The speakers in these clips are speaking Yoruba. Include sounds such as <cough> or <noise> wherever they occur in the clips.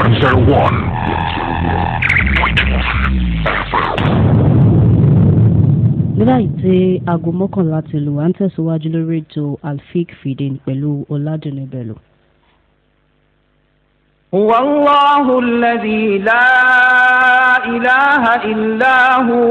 101. 101.1 níláìtí aago mọ́kànlá ti lù wá ń tẹ̀síwájú lórí ètò alfik fìdín pẹ̀lú ọ̀làdùnní bello. هو الله الذي لا إله إلا هو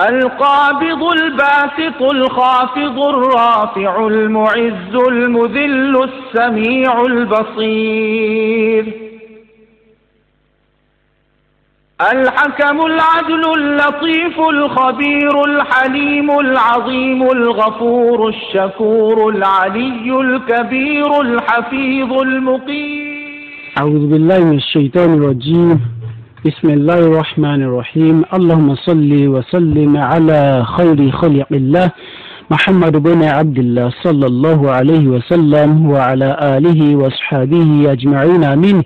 القابض الباسط الخافض الرافع المعز المذل السميع البصير الحكم العدل اللطيف الخبير الحليم العظيم الغفور الشكور العلي الكبير الحفيظ المقيم أعوذ بالله من الشيطان الرجيم بسم الله الرحمن الرحيم اللهم صل وسلم على خير خلق الله محمد بن عبد الله صلى الله عليه وسلم وعلى آله وصحبه أجمعين آمين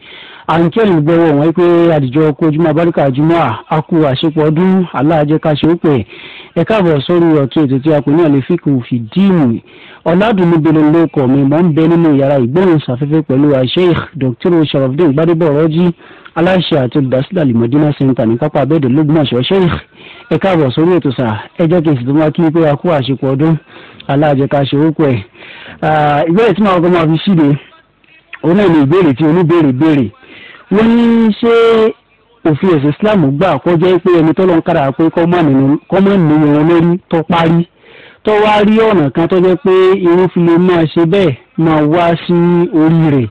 à ń kẹ́rì gbọ́wọ́ wọn pé àdìjọ kojúmọ́ abáríkà jùmọ́ a kú àṣepọ̀ ọdún aláàjẹkáṣe ó pè ẹ káàbọ̀ sórí ọ̀tún ètò tí a kò ní àlefíkù fìdíìmù ọ̀làdùnúbẹ̀rẹ̀ lóko mi mọ̀ ń bẹ nínú yàrá ìgbóhùnsáfẹ́fẹ́ pẹ̀lú Sheikh Dr. Sharafdin Gbadebo Rọ́jí aláṣẹ àti olùdásílẹ̀ alimọ̀dínà center ní pápá abẹ́ẹ̀dẹ̀ lógúnmọ̀ṣọ́ sheikh ẹ káàbọ̀ sórí ètò sà ẹ jẹ́ kí n sì tó máa kí pé a kú àṣepọ̀ ọdún aláàjẹká ṣe orúkọ ẹ̀. ìbéèrè tí màá kọ́ máa fi ṣíde òun náà ni ìbéèrè tí oníbéèrè béèrè wọ́n ní ṣé òfin ẹ̀sìn islam gbà kó jẹ́ pé ẹni tọ́lọ́ ń kára pé kọ́mọ̀nì wọn lórí tó parí tó wá rí ọ̀nà kan tó jẹ́ pé irú máa ṣe bẹ́ẹ̀ máa wá sí orí rẹ̀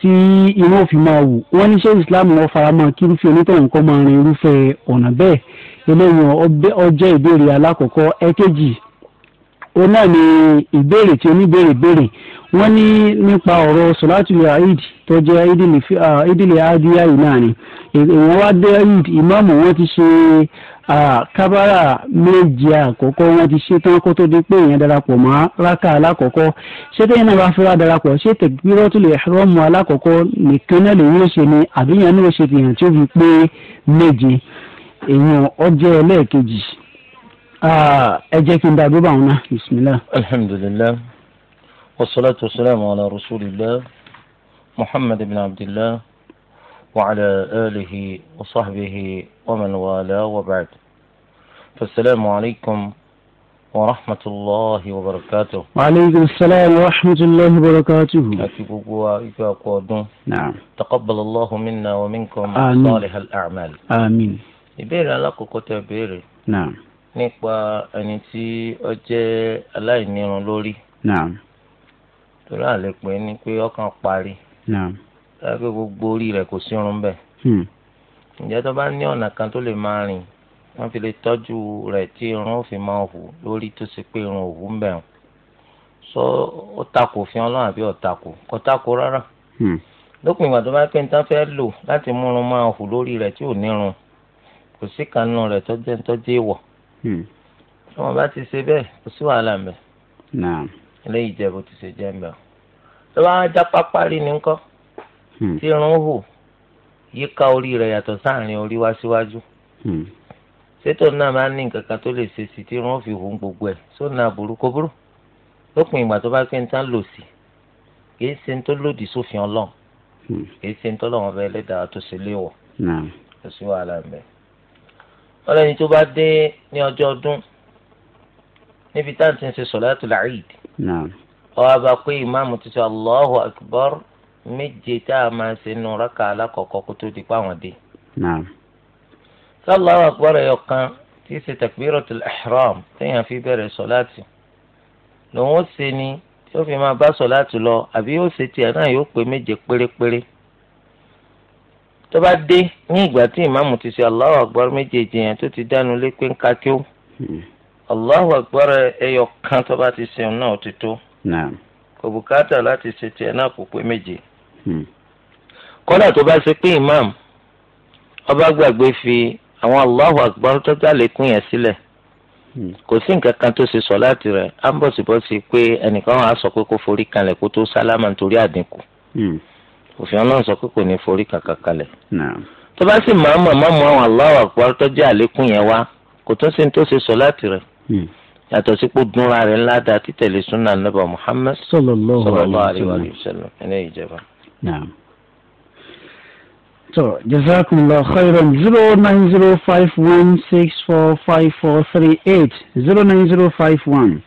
tí irú òfin máa wù wọ́n ní ṣé islam wọn fara mọ́ kí irúfẹ́ onítọ̀hún kọ́ máa rin irúfẹ́ ọ̀nà bẹ́ẹ̀ eléyìí ọjẹ́ ìbéèrè alákọ̀ọ́kọ́ ẹ̀kejì òun náà ni ìbéèrè tí oníbéèrè béèrè wọ́n ní nípa ọ̀rọ̀ sọ̀látùlù aid tó jẹ́ ìdílé adíyá náà ni èèyàn wá dé aid ìmáàmù wọn ti ṣe kábàrà méje àkọ́kọ́ wọ́n ti ṣe tán kó tó di pé èèyàn darapọ̀ mọ́ rákà alákọ̀ọ́kọ́ ṣé tẹ́yìn náà bá fẹ́ra darapọ̀ ṣé tẹ̀gbírọ́tù lè rọ́ọ̀mù alákọ̀ọ́kọ́ nìkan náà lèyìn ó ṣe ni àbíyàn náà ó ṣe fihàn tí ó fi pé méje èèyàn ọjọ́ ẹlẹ́ẹ̀kejì ẹ jẹ́ kí n dàgbé bá wọn náà bisimilá. alhamdulilayi wasalaatu wasalaamu ala rasulillah muhammad ibn abdillah. وعلى آله وصحبه ومن والاه وبعد فالسلام عليكم ورحمة الله وبركاته وعليكم السلام ورحمة الله وبركاته نعم تقبل الله منا ومنكم آمين. صالح الأعمال آمين ìbéèrè alákòókò tẹ béèrè. naam. nípa ẹni tí ó jẹ́ aláìnírun lórí. naam. torí àlepẹ́ ni tàbí gbogbo orí rẹ̀ kò sí irun bẹ́ẹ̀. Hmm. ǹjẹ́ tó bá ní ọ̀nà kan tó lè máa rìn wọ́n fi lè tọ́jú rẹ̀ tí irun ó fi máa hù lórí tó ṣe pé irun òwú ń bẹ̀ wọ́n. sọ ó takò fi ọlọ́run àbí ọ̀takò kò takò rárá. Hmm. lópin ìgbà tó bá pé nǹkan fẹ́ lò láti múrun máa hù lórí rẹ̀ tí ò nírun kò sí kanú rẹ̀ tọ́jú tọ́jú ìwọ̀. tí wọ́n bá ti ṣe bẹ́ẹ̀ kò sí wàhálà ń bẹ̀. eléyìí jẹ́ bó ti ṣe jẹ́ ń bẹ̀. tó bá já pápá rí ni ńkọ́. Hmm. tí irun hù yíká orí rẹ̀ yàtọ̀ sáàrin orí wá síwájú sétò hmm. náà máa ń ní nǹkan kan tó lè ṣe sí tí irun fi hù gbogbo ẹ̀ sóòna burú kó burú lópin ìgbà tó bá pé ń tán lò sí kìí ṣe ń tó lòdì sófin ọlọ́run hmm. kìí ṣe ń tó lọ́wọ́ bẹ́ẹ̀ lẹ́dàá tó ṣe léwọ̀ kò sí wàhálà mẹ́. ọlọ́ni tó bá dé ní ọjọ́ ọdún níbi táǹtì ń ṣe sọ̀láàtù láìdì ọwọ́ bá pé ìmáàmù ti sọ akbar méje tá a máa ṣe nu rákà alákọ̀ọ́kọ́ kó tó di pa àwọn dé. Allahu akbar ẹyọ kan tí í ṣe takbiratul ihram téèyàn fi bẹ̀rẹ̀ láti lòun ó ṣe ni tí ó fi máa bá láti lọ àbí ó ṣe tiẹ̀ náà yóò pé méje pérépéré tó bá dé ní ìgbà tí ìmáàmù ti ṣe Allahu tó ti dánu lé pé ń ka kí ó hmm. ẹyọ kan tó ti ṣe náà ó ti tó kò Hmm. kódà tó bá ṣe imam ọba gbàgbé fi àwọn Allahu Akbar tó dá yẹn sílẹ̀ hmm. kò sí nǹkan kan tó ṣe sọ̀láàtì rẹ̀ á ń bọ̀sibọ́sí pé ẹnìkan wà á sọ pé kó forí kanlẹ̀ kó tó sálámà nítorí àdínkù hmm. òfin ọlọ́run sọ ní forí kankan kalẹ̀ tó bá sì máa àwọn tó yẹn wá kò tó yàtọ̀ sí pé dúnra rẹ̀ sunnah nàbà Muhammad Now. So, Jazakumullah khairan. 09051645438. 09051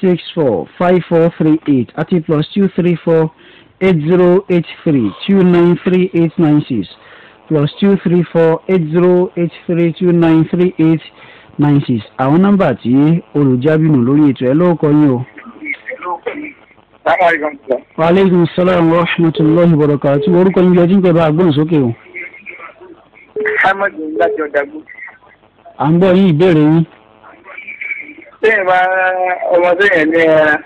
645438 àti plus 2348083293896 plus 2348083293896. Àwọn nọ́mbà tí olùjábìnú lórí ètò ẹ̀ lóòkọ́ yín o. aleykum salaam wa rahmatulahi wa barakatuh orúkọ níbi ọtí ń pẹ bá agbóhùnsókè o. hamadu lájọ dàgbò. à ń bọ̀ yín ìbéèrè yín. sẹ́yìn máa ọmọ sẹ́yìn ní ẹran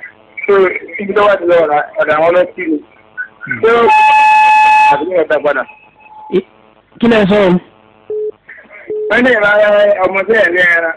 tó ibi tó wà ti lọ ọ̀dà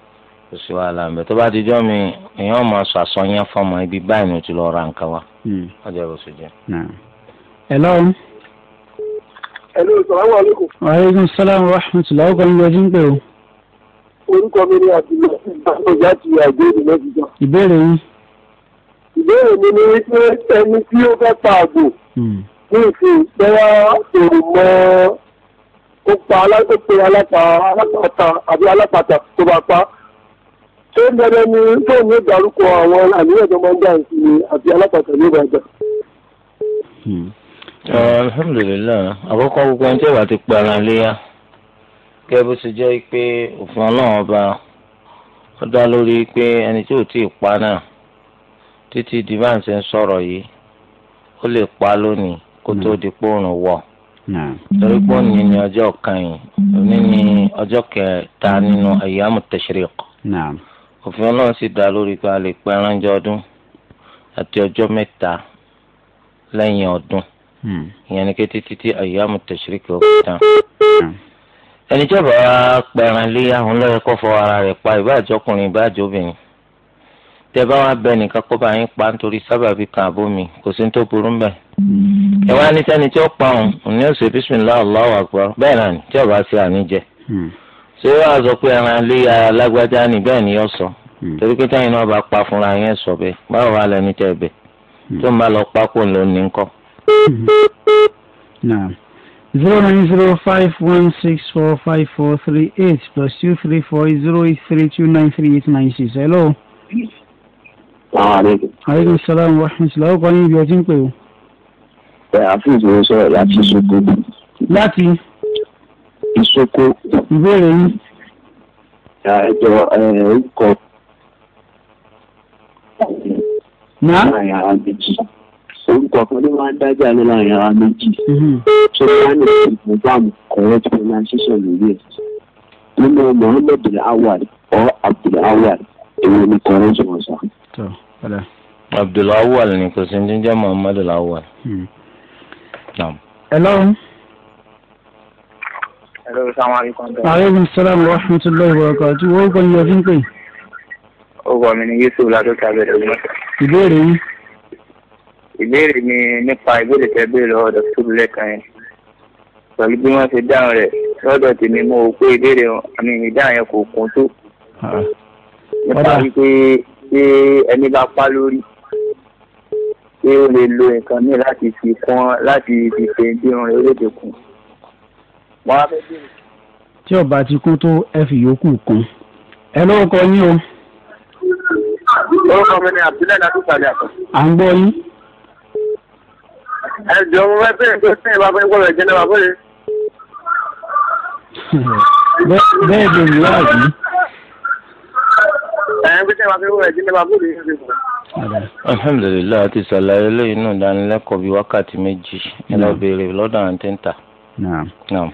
kò sí wàhálà ń bẹ tó bá ti jọ́ mi èèyàn máa sọ àsọyẹn fọmọ ibi báyìí ni o ti lọ ra nǹkan wa. ọjọ́ ìbò sì jẹ́. hello. hello salamu aleykum. aleykum salaam wa rahmatulah ọkọ ní ọdún pé o. orúkọ mi ni àtìlẹ́ ìgbàlódé àti àgbẹ̀ ìdílé jíjọ. ìbéèrè yín. ìbéèrè mi ni wípé ẹni tí ó fẹ́ pa àgbò. ní ìsìn bẹ́ẹ̀ kò mọ ó pa alápàtà àbí alápàtà tó bá pa. ṣé mẹ́rẹ́ ni fóònù ìdárúkọ àwọn àníyàn tó máa ń dá ìsìn ni àti alápàtà ní ìbàdàn. Hmm. alhamdulilayi àkọ́kọ́ gbogbo ẹni tí ìwà ti pa ara léyà kí ẹ bó ṣe jẹ́ pé òfin ọlọ́run ọba ó dá lórí pé ẹni tí ò tí ì pa náà títí ṣe ń sọ̀rọ̀ yìí ó lè pa lónìí kó tó hmm. di pòrùn wọ̀ torí pé òní ni ọjọ́ kan yìí òní ni ọjọ́ kẹta òfin ọlọ́run sì dá lórí pé a lè pẹ́ ránjọ ọdún àti ọjọ́ mẹ́ta lẹ́yìn ọdún hmm. ìyẹn ni kété títí àyàmú tẹ̀síríkì ọkọ̀ tán. Hmm. ẹni tí ọba pẹ̀ràn lé àwọn lọ́yẹ̀ kọ́ fọ ara rẹ̀ pa ìbáàjọ́ ọkùnrin ìbáàjọ́ obìnrin tẹ bá wàá bẹ nìkan kó bá yín pa nítorí sábàbí kan àbómi kò sí tó burú mbẹ. Hmm. ẹ wá ní sẹ́ni tí ó pa òun òun ó bísí ńlá bẹ́ẹ̀ náà ni tí ṣe àníjẹ. ṣé wàá sọ pé ẹran lé alágbájá ni bẹ́ẹ̀ ni yọ sọ hmm. torí pé táyìn náà bá pa fúnra yẹn sọ bẹ́ẹ̀ báwo wà lẹ́nu tẹ́ bẹ́ẹ̀ hmm. tó ń bá lọ pákó ló ní kọ́. Hmm. zero nine zero five one six four five four three eight plus two three four zero eight three two nine three eight nine six hello. aleykum salaam wa rahmatulah ọkọ yín ibi ọtí ń pè o. ẹ àfihàn ìṣòro sọ̀rọ̀ láti ṣokò. láti ìṣoko ìbéèrè yìí àjọ orúkọ láàrin àwọn méjì orúkọ kan ló máa ń dájà ló láàrin àwọn méjì tó bá ní ìfowópamọ́ correct pronunciation lórí ẹ̀ nínú Muhammad Awal or Abdul Awal èwo ni correct wọn sọ. Abdul Awal ni kò sí ní jẹ́ Muhammad Awal. Hmm. Hello aleykum salaam wa rahmatulahi wa barakatu wo kàn yọ fún pé. orúkọ mi ni yusuf ladọkẹ abẹrẹ ogun. ìbéèrè yín. ìbéèrè mi nípa ìbéèrè tẹ béèrè ọ̀dọ̀ tóbi lẹ́ẹ̀kan yẹn pẹ̀lú bí wọ́n ṣe dáhùn rẹ̀ lọ́dọ̀ tèmi mo rò pé ìbéèrè àmì ìdáhùn yẹn kò kún tó. Ah. nípa wípé ṣé ẹni bá pa lórí ṣé ó lè lo nǹkan míì láti fi kún láti fi fèǹdé irun rẹ̀ ó lè dẹkùn wọn á fẹ́ bèrè. tí ọba ti kún tó ẹ fi yòókù kún ẹ lọ́wọ́ kọ yín o. orúkọ mi ni abdulayi latukali àtọ. à ń gbọ́ yín. ẹ jọ mo fẹ́ bẹ̀rẹ̀ pé sẹ́yìn bá fẹ́ gbọ́dọ̀ jẹ́ náà bóyá. bẹ́ẹ̀ bẹ̀rẹ̀ wá yìí. ẹ̀yin bí sẹ́yìn bá fẹ́ alhamdulilayi ati salaye lẹ́yìn náà dánilẹ́kọ̀ọ́ bíi wákàtí méjì ẹ lọ béèrè lọ́dọ̀ àwọn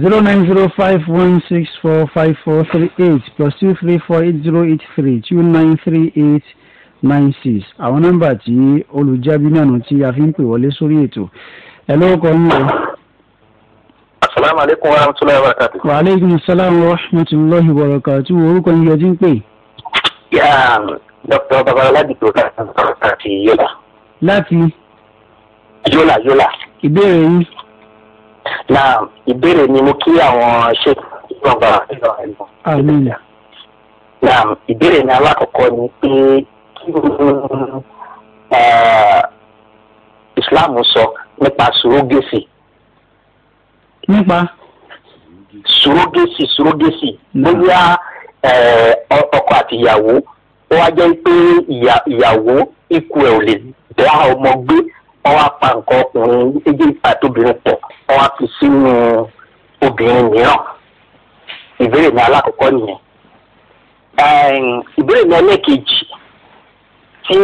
zero nine zero five one six four five four three eight plus two three four eight zero eight three two nine three eight nine six àwọn nọ́mbà tí olùjábí náà nù tí a fi ń pè wọlé sórí ètò ẹ lórúkọ yín o. asalaamualeykum wa rahmatulahi wa barakatu. wa aleykum salaam wa rahmatulahi wa barakatu orúkọ yín yẹn ti ń pè. yà dr babalọla dìbò láti yọlá. láti. yọlá yọlá. ìbéèrè yín na ìbéèrè ni mo kí àwọn ṣe ìjọba ìjọba. amiina. na ìbéèrè ni alákọ̀ọ́kọ́ ni pé kí islam sọ nípa surrogacy. nípa. surrogacy surrogacy hmm. bóyá ọkọ àti ìyàwó ó wá jẹ́ pé ìyàwó ikú ẹ̀ ò lè dá ọmọ gbé ọwọ́ apá nǹkan ọkùnrin ẹgbẹ́ ìpàtóbìnrin pọ̀ wọn wá fi sínú obìnrin mìíràn ìbéèrè mi alákọ̀ọ́kọ́ nìyẹn ìbéèrè mi ẹlẹ́ẹ̀kejì tí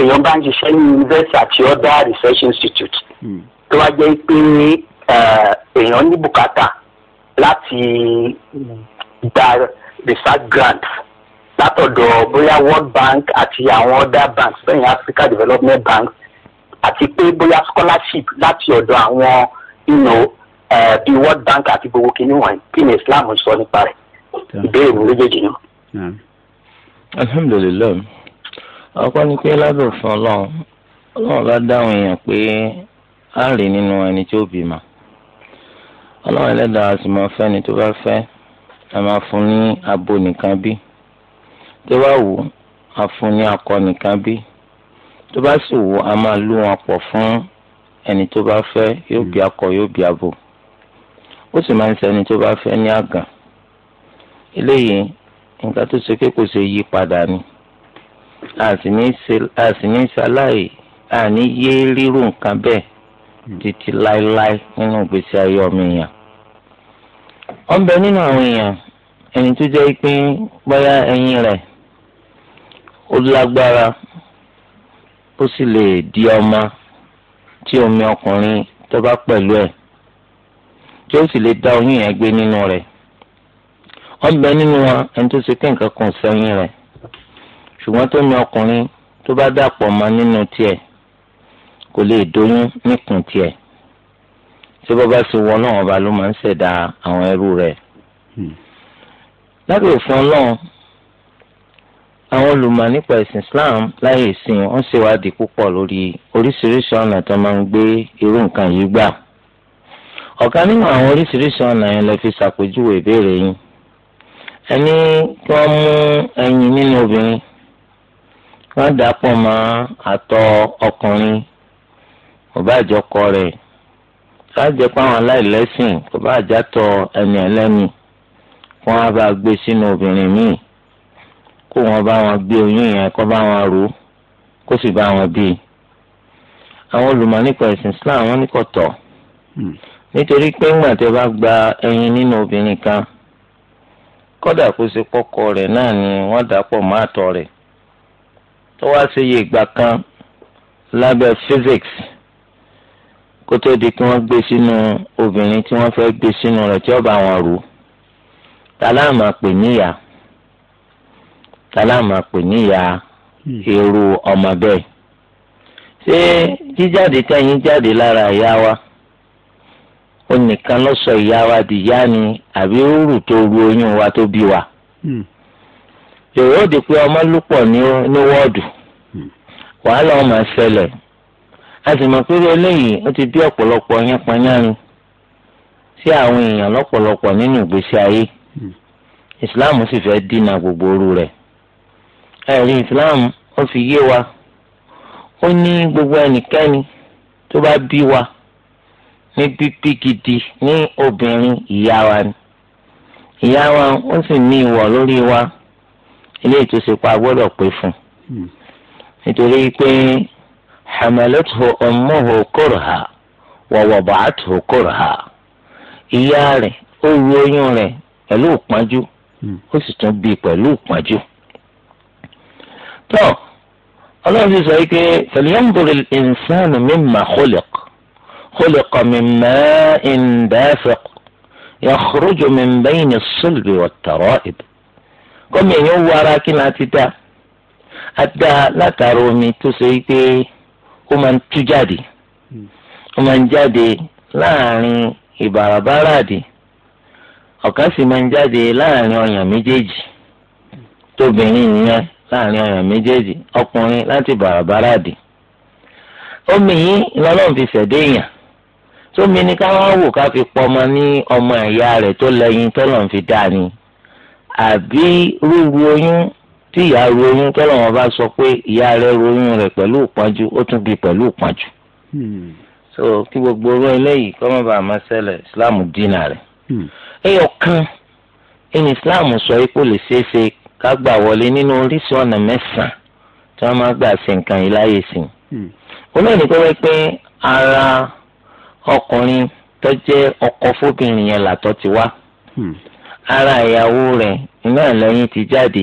èèyàn bá ń ṣiṣẹ́ ní university àti other research institute hmm. tó wá jẹ́ pé èèyàn ní bùkátà láti gba research grant látọ̀dọ̀ bóyá world bank àti àwọn other banks bẹ́ẹ̀ ni africa development bank àti pé bóyá scholarship láti ọ̀dọ̀ àwọn you know ìwọ eh, bank àti gbogbo kìíní wọn kí ni islam sọ nípa rẹ̀ ìbéèrè mi méjèèjì náà. alhamdulilayi ọkọ ni pé lábẹ́ òfin ọlọ́run ọlọ́run bá dáhùn èèyàn pé á rí nínú ẹni tí ó bímọ ọlọ́run ẹlẹ́dàá sì máa fẹ́ ni tó bá fẹ́ a máa fún ní abo nìkan bí tó bá wù á fún ní akọ nìkan bí tó bá sì wù á máa lù wọn pọ̀ fún ẹni tó bá fẹ́ yóò hmm. bí akọ yóò bí abo ó sì máa ń ṣẹni tó bá fẹ́ ní àgàn eléyìí nǹkan tó ṣe pé kò ṣe yí padà ni àsìní ṣaláì àní yé rírú nǹkan bẹ́ẹ̀ hmm. títí láéláé nínú ìgbésí ayé ọmọ èèyàn ọ̀nbẹ nínú àwọn èèyàn ẹni tó jẹ́ pé bóyá ẹyin rẹ̀ ó lágbára ó sì lè di ọmọ tí omi ọkùnrin tó bá pẹ̀lú ẹ̀ tí ó sì lè dá oyún yẹn gbé nínú rẹ̀ ọbẹ̀ nínú wọn ẹni tó ṣe pé nǹkan kan sẹ́yìn rẹ̀ ṣùgbọ́n tó mi ọkùnrin tó bá dàpọ̀ mọ́ nínú tiẹ̀ kò lè dóyún níkùn tiẹ̀ tí bọ́bá ṣe wọ ọba ló máa ń ṣẹ̀dá àwọn ẹrú rẹ̀ hmm. lábẹ́ òfin ọlọ́run àwọn olùmọ̀ nípa ẹ̀sìn Islam láyé ìsìn wọ́n ṣèwádìí púpọ̀ lórí oríṣiríṣi ọ̀nà tó máa ń gbé irú nǹkan yìí gbà. ọ̀kan nínú àwọn oríṣiríṣi ọ̀nà yẹn lè fi ṣàpèjúwe ìbéèrè yín. ẹni kí wọ́n mú ẹyin nínú obìnrin wọ́n dà pọ̀ mọ́ àtọ̀ ọkùnrin kò bá àjọkọ rẹ̀ bá jẹ́ aláìlẹ́sìn kò ẹni ẹlẹ́ni wọ́n á bá gbé sínú obìnrin míì kó wọn bá wọn bí oyún yẹn kó bá wọn rò kó sì bá wọn bí àwọn olùmọ̀ nípa ẹ̀sìn Islam wọn ní kò tọ́ hmm. nítorí pé ńgbà tí o bá gba ẹyin nínú obìnrin kan kódà kó ṣe pọ́kọ rẹ̀ náà ni wọ́n dà pọ̀ mọ́ àtọ̀ rẹ̀ tó wá sí iye ìgbà kan lábẹ́ physics kó tó di kí wọ́n gbé sínú obìnrin tí wọ́n fẹ́ gbé sínú rẹ̀ tí ó wọn rò tàlámà pè níyà sálámà pè níyà irú ọmọ bẹ́ẹ̀ ṣé jíjáde tẹ̀yìn jáde lára ìyá wa ó nìkan ló sọ ìyá wa di ìyá ni àbí rúrù tó ru oyún wa tó bí wa hmm. yòówó di pé ọmọ lúpọ̀ ní wọ́ọ̀dù hmm. wàhálà ọmọ ẹsẹ̀lẹ̀ a sì mọ̀ pé eléyìí ó ti bí ọ̀pọ̀lọpọ̀ yẹn sí àwọn èèyàn lọ́pọ̀lọpọ̀ nínú ìgbésí ayé hmm. ìsìláàmù sì fẹ́ dínà gbogbo òru rẹ̀ ẹ̀rí islam ó fi yé wa ó ní gbogbo ẹnikẹ́ni tó bá bí wa ní bíbí gidi ní obìnrin ìyá wa ni ìyá wa ó sì ní ìwọ̀ lórí wa ilé ìtòsípa gbọ́dọ̀ pé fún un hmm. nítorí pé hamalathu ummuhu kurha wa wada'athu kurha ìyá rẹ̀ ó ru oyún rẹ̀ pẹ̀lú ìpọ́njú hmm. ó sì tún bí pẹ̀lú ìpọ́njú. tọ́ ọlọ́run ti sọ yìí pé falyanzur al-insanu mimma khuliq khuliqa min ma'in dafiq yakhruju min bayni as-sulbi wat-tara'ib kọ́mi èèyàn wú ara kí náà ti dá a dá látara omi tó sọ yìí pé ó máa ń tú jáde ó máa ń jáde láàrin ìbàràbàrà àdì ọ̀kan máa ń jáde láàrin ọyàn méjèèjì tóbìnrin yẹn láàrin ọyàn méjèèjì ọkùnrin láti bàràbàrà dì omi yìí lọ́lọ́run fi ṣẹ̀dé èèyàn tómi ní ká wá wò ká fi pọmọ ní ọmọ ìyá rẹ̀ tó lẹ́yìn tọ́lọ́run fi dá ni àbí rúru oyún tí ìyá ru oyún tọ́lọ́run bá sọ pé ìyá rẹ̀ ru oyún rẹ̀ pẹ̀lú ìpọ́njú ó tún bí pẹ̀lú ìpọ́njú. Hmm. so kí gbogbo oró eléyìí kọ́ mọ́ bàá máa ṣẹlẹ̀ islam dínà rẹ̀. Hmm. ẹyọ kan ẹni islam sọ pé lè ṣeé ṣe ká gbà wọlé nínú oríṣìí ọ̀nà mẹ́sàn-án tí wọ́n máa gbà ṣe nǹkan yìí láyè sí i. olóòní pé wọ́n pé ara ọkùnrin tó jẹ́ ọkọ fóbìnrin yẹn làtọ̀ ti wá hmm. ara ìyàwó rẹ̀ iná ìlẹ́yìn ti jáde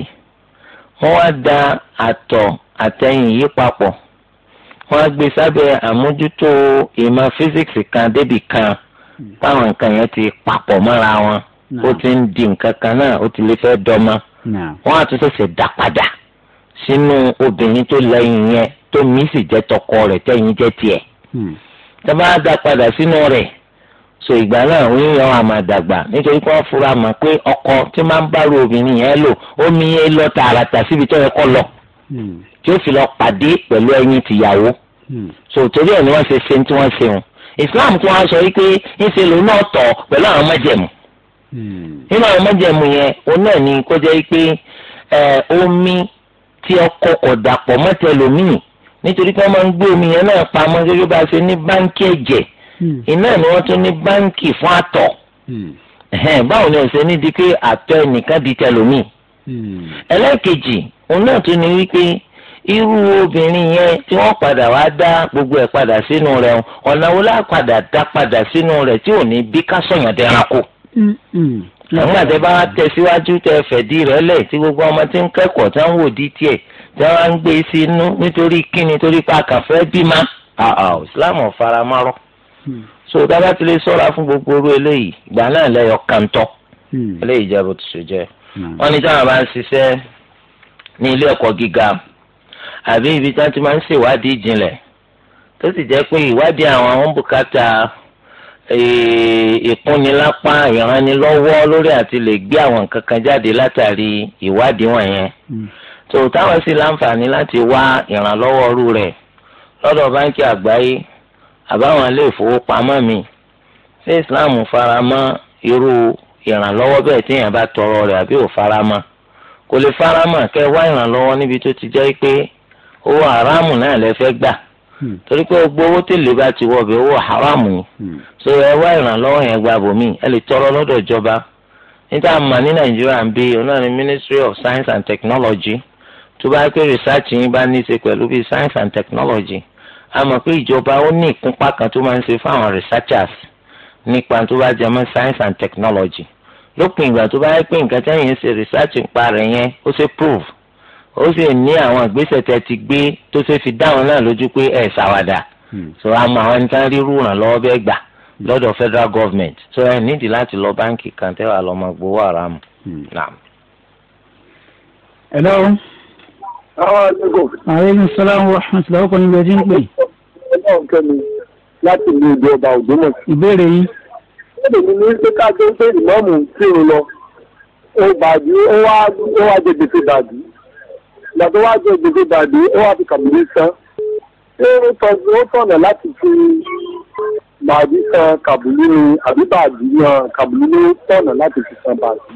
wọ́n wá da àtọ̀ àtẹ̀yìn yìí papọ̀ wọ́n á gbé sábẹ́ àmójútó ìmọ̀ físíkì kan débì kan báwọn hmm. nǹkan yẹn ti papọ̀ mọ́ra wọn. Hmm ó ti ń di nǹkan kan náà ó ti lè fẹ́ dọ́mọ wọ́n á tún ṣẹ̀ṣẹ̀ dá padà sínú obìnrin tó lẹ́yìn yẹn tó mí sì jẹ́ tọkọ rẹ̀ tẹ́yìn jẹ́ tiẹ̀ hmm. tó bá padà sínú rẹ̀ so ìgbà náà ń yan àmàdàgbà nítorí pé wọ́n fura mọ̀ pé ọkọ tí máa ń bárò obìnrin yẹn lò ó mi yẹn lọ tààràtà síbi tó yẹ kọ́ lọ hmm. tí ó fi lọ pàdé pẹ̀lú ẹyin tìyàwó hmm. so torí ẹ̀ ni wọ́n ṣe ṣe tí wọ́n ṣe wọn Islam tí wọ́n sọ wípé ń ṣe lòun náà tọ̀ pẹ̀lú àwọn mẹ́jẹ̀mú nínú àwọn májẹ̀mú yẹn òun náà ni kó jẹ́ pé omi tí ọkọ̀ kọ̀ dàpọ̀ mọ́tẹ́lómìn nítorí pé wọ́n máa ń gbé omi yẹn náà pamọ́ gẹ́gẹ́ bá a ṣe ní báńkì ẹ̀jẹ̀ hmm. iná ni wọ́n tún ní báńkì fún àtọ̀ hmm. báwo ni ọ̀sẹ̀ ní di pé àtọ̀ ẹnìkan di tẹlómìn hmm. ẹlẹ́ẹ̀kejì òun náà tún ní wípé irú obìnrin yẹn tí wọ́n padà wá dá gbogbo ẹ̀ padà sínú rẹ̀ ọ̀nà wo láà padà dá padà sínú rẹ̀ tí ò ní bí ká sọ̀yàn dẹranko. Mm-hmm. nígbà tẹ bá wá tẹ̀síwájú tẹ fẹ̀dí rẹ lẹ̀ tí gbogbo ọmọ tí ń kẹ́kọ̀ọ́ tí wọ́n ń wò di tiẹ̀ tí wọ́n ń gbé sí inú nítorí kíni torí pa àkàfẹ́ bímá Islam ọ̀faramárọ́ mm-hmm. so dábàá ti lè sọ́ra fún gbogbo orú eléyìí ìgbà náà lẹ́yọ̀ kàńtọ́ mm-hmm. eléyìí jẹ́ bó ti ṣe jẹ́ wọ́n ní táwọn bá ń ṣiṣẹ́ ní ilé ẹ̀kọ́ gíga àbí ibi tí wọ́n ti máa ń ṣèwádìí ìjìnlẹ̀ tó sì jẹ́ pé ìwádìí àwọn àwọn bùkátà ìkúnnilápá ìrànilọ́wọ́ lórí àti lè gbé àwọn nǹkan kan jáde látàrí ìwádìí wọ̀nyẹn. tó hmm. táwọn sì láǹfààní láti wá ìrànlọ́wọ́ ọrú rẹ̀ lọ́dọ̀ báńkì àgbáyé àbáwọn ilé ìfowópamọ́ mi ṣé Islam fara mọ́ irú ìrànlọ́wọ́ bẹ́ẹ̀ tí èèyàn bá tọrọ rẹ̀ àbí ò fara mọ́ kò lè fara mọ́ kẹ́ wá ìrànlọ́wọ́ níbi tó ti jẹ́ pé owó haramu náà lè fẹ́ gbà. Hmm. torí pé gbogbo owó tèlé bá ti wọ bẹ owó haramu hmm. so ẹ wá ìrànlọ́wọ́ yẹn gba bòmí ẹ lè tọrọ lọ́dọ̀ ìjọba níta mà ní nàìjíríà ń bí ọ̀nà ní ministry of science and technology tó bá pé research yín bá ní í ṣe pẹ̀lú bí science and technology a mọ̀ pé ìjọba ó ní ìkúnpá kan tó máa ń ṣe fáwọn researchers nípa tó bá jẹ mọ́ science and technology lópin ìgbà tó bá pé nǹkan tẹ́yìn ń ṣe research ń parẹ́ yẹn ó ṣe prove ó sì ní àwọn ìgbésẹ̀ tẹ́ ti gbé tó ṣe fi dáhùn náà lójú pé ẹ̀ ṣàwádà hmm. so àmọ́ àwọn ẹni tán rírú ìrànlọ́wọ́ bẹ́ẹ̀ gbà hmm. lọ́dọ̀ federal government so ẹ nídìí láti lọ báǹkì kan tẹ́ wà lọ́mọ gbowó ara mu. Hmm. hello. aleykum salaam wa rahmatulah ọkọ níbi ẹtí ń pè. ọlọ́run kẹ́mi láti lu ìdí ọba ògbómọ̀. ìbéèrè yín. ìbéèrè mi ni pé ká tó ń pè ìmọ̀ọ́mù kírun lọ ó bàjú ó wá ó wá jẹ gbèsè bàjú ìgbà tó wá jẹ́ gbogbo dàbí ó wà fi kàbíyé san ṣé ó tọ̀nà láti fi bàbí san kàbúlú ni àbí bàbí yan kàbúlú ló tọ̀nà láti fi san bàbí.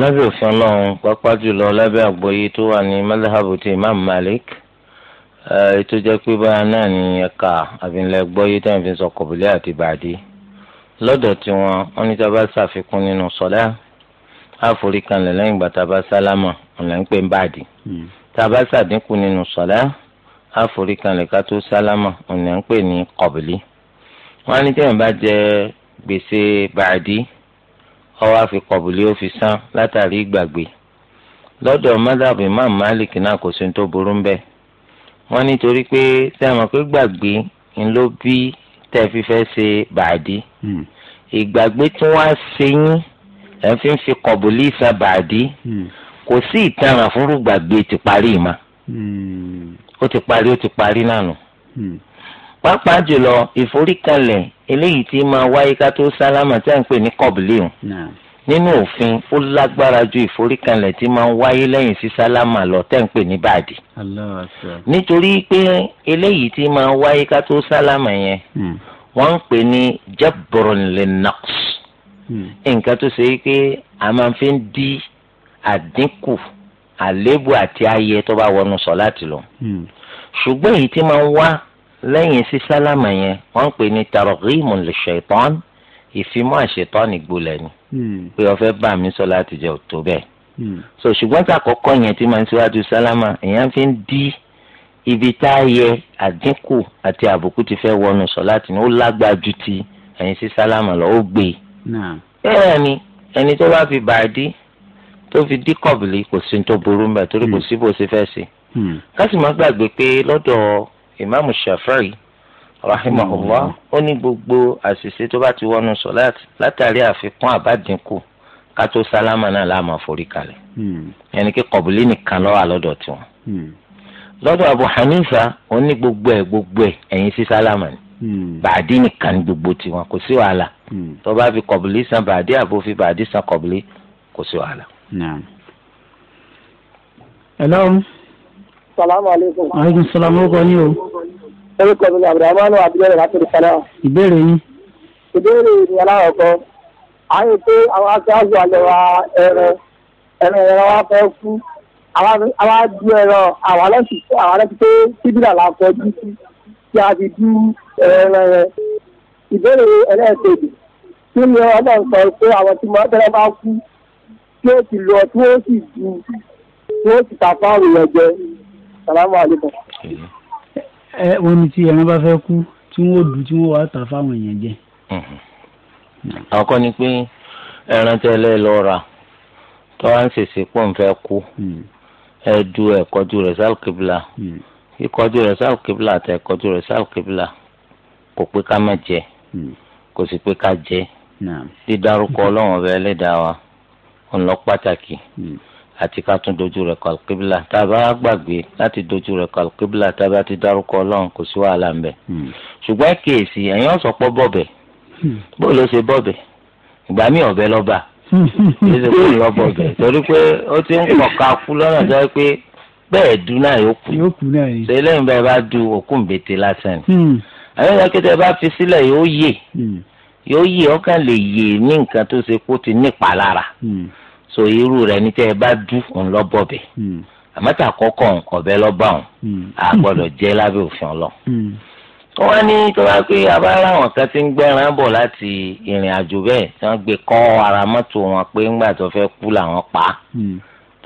lábẹ́ òfin ọlọ́run pápá jùlọ lábẹ́ àgbọ́yé tó wà ní madhabu ti imam malik ètò jẹ́ pé báyà náà ní ẹ̀ka àbínlẹ̀ gbọ́yé tẹ̀ ń fi sọ kọ̀bùlẹ́ àti bàdí lọ́dọ̀ tiwọn wọn ní tí a bá ṣàfikún nínú sọ́lá. So àforí kanlẹ̀ lẹ́yìn ìgbà tá a bá sálámà ọ̀nà ń pè ń bàdí hmm. tá a bá sàdínkù nínú sọ̀lá àforí kanlẹ̀ ká tó sálámà ọ̀nà ń pè ní kọ̀bìlì wọ́n á ní tẹ́yìn bá jẹ gbèsè bàdí ọwọ́ àfi kọ̀bìlì ó fi san látàrí ìgbàgbé lọ́dọ̀ mọ́dàbí Imam Malik náà kò sí ní tó burú ń bẹ́ẹ̀ wọ́n nítorí pé sẹ́wọ̀n pé gbàgbé ń ló bí tẹ́ fi ṣe bàdí hmm. ìgbàgbé tí wọ́n á ẹ fi ń fi kọ̀bùlì sábàdí hmm. kò sí ìtanràn fúnrúgbàgbé ti parí ìmọ̀ hmm. ó ti parí ó ti parí nánu hmm. pàápàá jùlọ ìforíkalẹ̀ eléyìí tí máa wáyé ká tó sálámà tí à ń pè ní kọ̀bùlì o nínú òfin ó lágbára ju ìforíkalẹ̀ tí máa ń wáyé lẹ́yìn sí sálámà lọ tẹ̀ ń pè ní bàdì. nítorí pé eléyìí tí máa wáyé ká tó sálámà yẹn wọ́n ń pè ní jabron lennox nǹkan tó ṣe é pé a máa fi ń di àdínkù àléébù àti ayẹ tó bá wọnú sọ̀láàtì lọ. Hmm. ṣùgbọ́n èyí tí máa ń wá lẹ́yìn sí sálámà yẹn wọ́n ń pè ní targhimu lish-shaytan ìfimọ́ àṣetán ìgbolẹ̀ ni hmm. pé ọ̀fẹ́ bá mi sọ láti jẹ òtó bẹ́ẹ̀. Hmm. so ṣùgbọ́n sàkọ́kọ́ yẹn tí máa ń síwájú sálámà èèyàn fi ń di ibi tá a yẹ àdínkù àti àbùkù ti fẹ́ wọnú sọ̀láàtì ni ó lágbájú ti ẹ̀yìn sí sálámà lọ ó gbé e bẹ́ẹ̀ ni ẹni tó bá fi bàdí tó fi dí kọ̀bìlì kò sí tó burú mẹ́ torí kò hmm. sí bó ṣe fẹ́ sí. Hmm. ká sì má gbàgbé pé lọ́dọ̀ ìmáàmù Shafi'i rahimahullah hmm. ó ní gbogbo àṣìṣe tó bá ti wọnú sọ̀láàtì látàrí àfikún àbádínkù ká tó sálámà náà láàmà forí ẹni kí kọ̀bìlì nìkan ló wà tiwọn. lọ́dọ̀ Abu Hanifa ó ní gbogbo ẹ̀ gbogbo ẹ̀ ẹ̀yìn sí sálámà ni. Hmm. bàdí nìkan ní gbogbo tiwọn kò sí wàhálà hmm. tó bá fi kọ̀bìlì san bàdí àbò fi bàdí san kọ̀bìlì kò sí wàhálà. hello. salaamu aleykum. aleykum salaam orúkọ yín o. orúkọ mi ni abdulhamid abdulhamid láti rí sálá. ìbéèrè yín. ìbéèrè ni aláwọ̀kọ́ a yìí pé àwọn aṣáájú àlẹ́ wa ẹ̀rọ ẹ̀rọ ẹ̀rọ wa fẹ́ kú àwa di ẹ̀rọ àwa lẹ́sìn pé bíbélà la kọjú sí tí a fi dú ẹran rẹ. ìbéèrè ẹlẹ́ẹ̀kejì kí ni ọlọ́run sọ pé àwọn tí mo tẹ́lẹ̀ bá kú tí ó ti lọ tí ó sì ju tí ó sì ta fáwọn èèyàn jẹ sàlámù àlekàn. ẹ wọn ni tí ẹran bá fẹ́ kú tí wọn ò dùn tí wọn wàá ta fáwọn èèyàn jẹ. Mm-hmm. àkọ́kọ́ ni pé ẹran tẹ́lẹ̀ lọ rà tọ́wá ń ṣèṣe pọ̀ ń fẹ́ kú mm. ẹ du ẹ̀kọ́jú rẹ̀ sálùkìbìlà. Mm kíkọjú rẹ̀ sáà kébìlà àti ẹ̀kọjú rẹ̀ sáà kébìlà kò pé ká má jẹ hmm. kò sì pé ká jẹ dídárúkọ ọlọ́run ọba ẹlẹ́dàá wa ọ̀nà pàtàkì hmm. àti ká tún dojú rẹ̀ kọ kébìlà tá a bá gbàgbé láti dojú rẹ̀ kọ kébìlà tá a bá ti dárúkọ ọlọ́run kò sí wàhálà ń hmm. ṣùgbọ́n kíyèsí ẹ̀yin ọ̀sọ̀pọ̀ bọ̀bẹ̀ bó ló ṣe bọ̀bẹ̀ ìgbà míì ọ̀bẹ lọ́ba èyí ṣe torí pé ó ti ń kọ̀ọ̀ka kú lọ́nà tó pé bẹ́ẹ̀ dun náà yóò kú yóò kú náà yìí ṣe lẹ́yìn bẹ́ẹ̀ bá du òkú nbètè lásán ni hmm. àwọn yẹn kété bá fi sílẹ̀ yóò yè hmm. yóò yè ọkàn lè yè ní nǹkan tó ṣe kó ti nípa hmm. so irú rẹ̀ ní ẹ bá du òun lọ bọ̀bẹ̀ àmọ́tà kọ́kọ́ ọ̀bẹ lọ bá òun àgbọ̀dọ̀ jẹ́ lábẹ́ òfin ọlọ́ wọ́n ní tó bá pé abára àwọn kan ti ń gbẹ́ran bọ̀ láti ìrìn àjò bẹ́ẹ̀ tí wọ́n gbé kọ́ ara mọ́tò wọn pé ńgbà tó fẹ́ kú làwọn pa á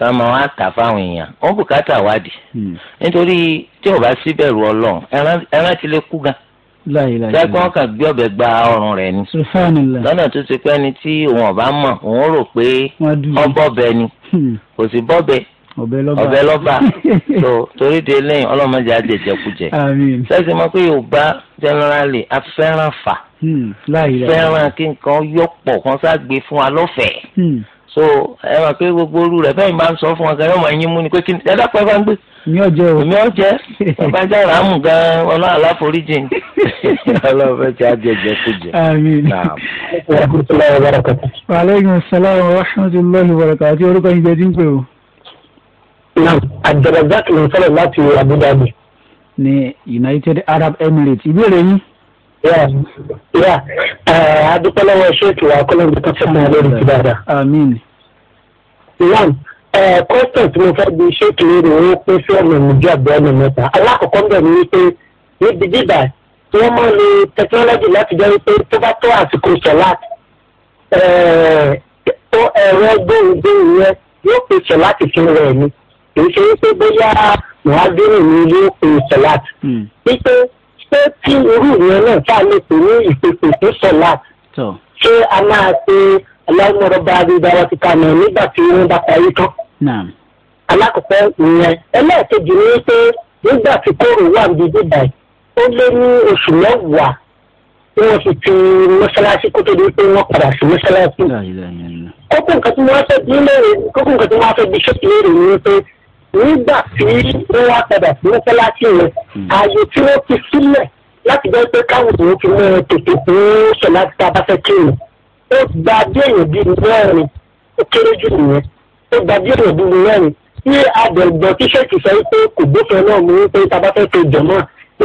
tá a máa wá tà fáwọn èèyàn wọn bùkátà wádìí hmm. nítorí tí ò bá sí bẹ̀rù ọlọ́run ẹran ti lè kú gan jẹ́ kí wọ́n kàn gbé ọ̀bẹ gba ọrùn rẹ̀ ni lọ́nà tó ti pẹ́ ni tí òun ọ̀bá mọ̀ òun rò pé ọbọ̀bẹ ni hmm. kò sí bọ́bẹ ọbẹ̀ lọ́ba <laughs> torí de lẹ́yìn ọlọ́mọdé àjẹjẹkújẹ sẹ́sìn mọ́ pé yorùbá generally afẹ́ràn fà hmm. fẹ́ràn kí nǹkan yọ̀pọ̀ kan ságbe fún wa lọ́fẹ̀ẹ́ so ẹ máa pé gbogbo orú rẹ fẹ́yìn máa ń sọ fún wọn gan yóò máa yín mú ni pé kí ni ẹ dápẹ́ bá ń gbé. mi ò jẹ o mi ò jẹ <laughs> bàbá jẹ ràámù gan ọlọ́run aláforíjì ni. <laughs> ọlọ́run fẹ́ ti àjẹjẹ kú jẹ. àmín aleykum salaam wa rahmatulahi wa barakatuh orúkọ yìí jẹ dín pé o. àjọ̀dọ̀ jákèjì sọ̀rọ̀ láti Abu Dhabi. ní United Arab Emirates ìbéèrè yín yà eh, adúpẹ́ lọ́wọ́ ṣéèkì wa kọ́lọ́mù tó fẹ́ máa lórí ti dáadáa. àmín. one kọ́sítọ̀ eh, tí mo fẹ́ bi ṣéèkì lórí owó pín sí ọ̀nà méjì àbẹ̀ ọ̀nà mẹ́ta alákọ̀ọ́kọ́ bẹ̀ ni wípé níbi dídà tí wọ́n máa lo tẹkinọ́lọ́jì láti jẹ́ wípé tó bá tó àsìkò sọ̀láàtì tó eh, ẹ̀rọ gbóhùngbóhùn yẹn yóò pè sọ̀láàtì fún rẹ̀ ni kì í ṣe wípé bóyá mọ̀ádúró ni yóò pè sọ̀láàtì. wípé pé tí irú ìyẹn náà tá a lè pè ní ìpèsè tó sọ̀lá ṣé a máa ṣe aláìmọ̀rọ̀ bá a rí dára ti kà náà nígbà tí wọ́n bá parí tán. alákọ̀ọ́kọ́ ìyẹn ẹlẹ́ẹ̀kejì ni pé nígbà tí kóòrò wà ní bíbá yìí ó lé ní oṣù mẹ́wàá tí wọ́n fi ti mọ́ṣáláṣí kó tó di pé wọ́n padà sí mọ́ṣáláṣí. kókó nǹkan tí wọ́n fẹ́ bí lóore kókó nǹkan tí wọ́n fẹ́ bí ṣé nígbà tí wọ́n wá padà sí mọ́sálásí yẹn ààyè tí wọ́n ti sílẹ̀ láti jẹ́ pé káwọn òun fi mọ tètè fún ṣọlá tá a bá fẹ́ kí ni ó gba bí èèyàn bíi mẹ́rin ó kéré jù nìyẹn ó gba bí èèyàn bíi mẹ́rin ní àbẹ̀gbọ́ tíṣẹ́ẹ̀tì sọ pé kò gbófin náà mú pé tá a bá fẹ́ tó jọ̀mọ́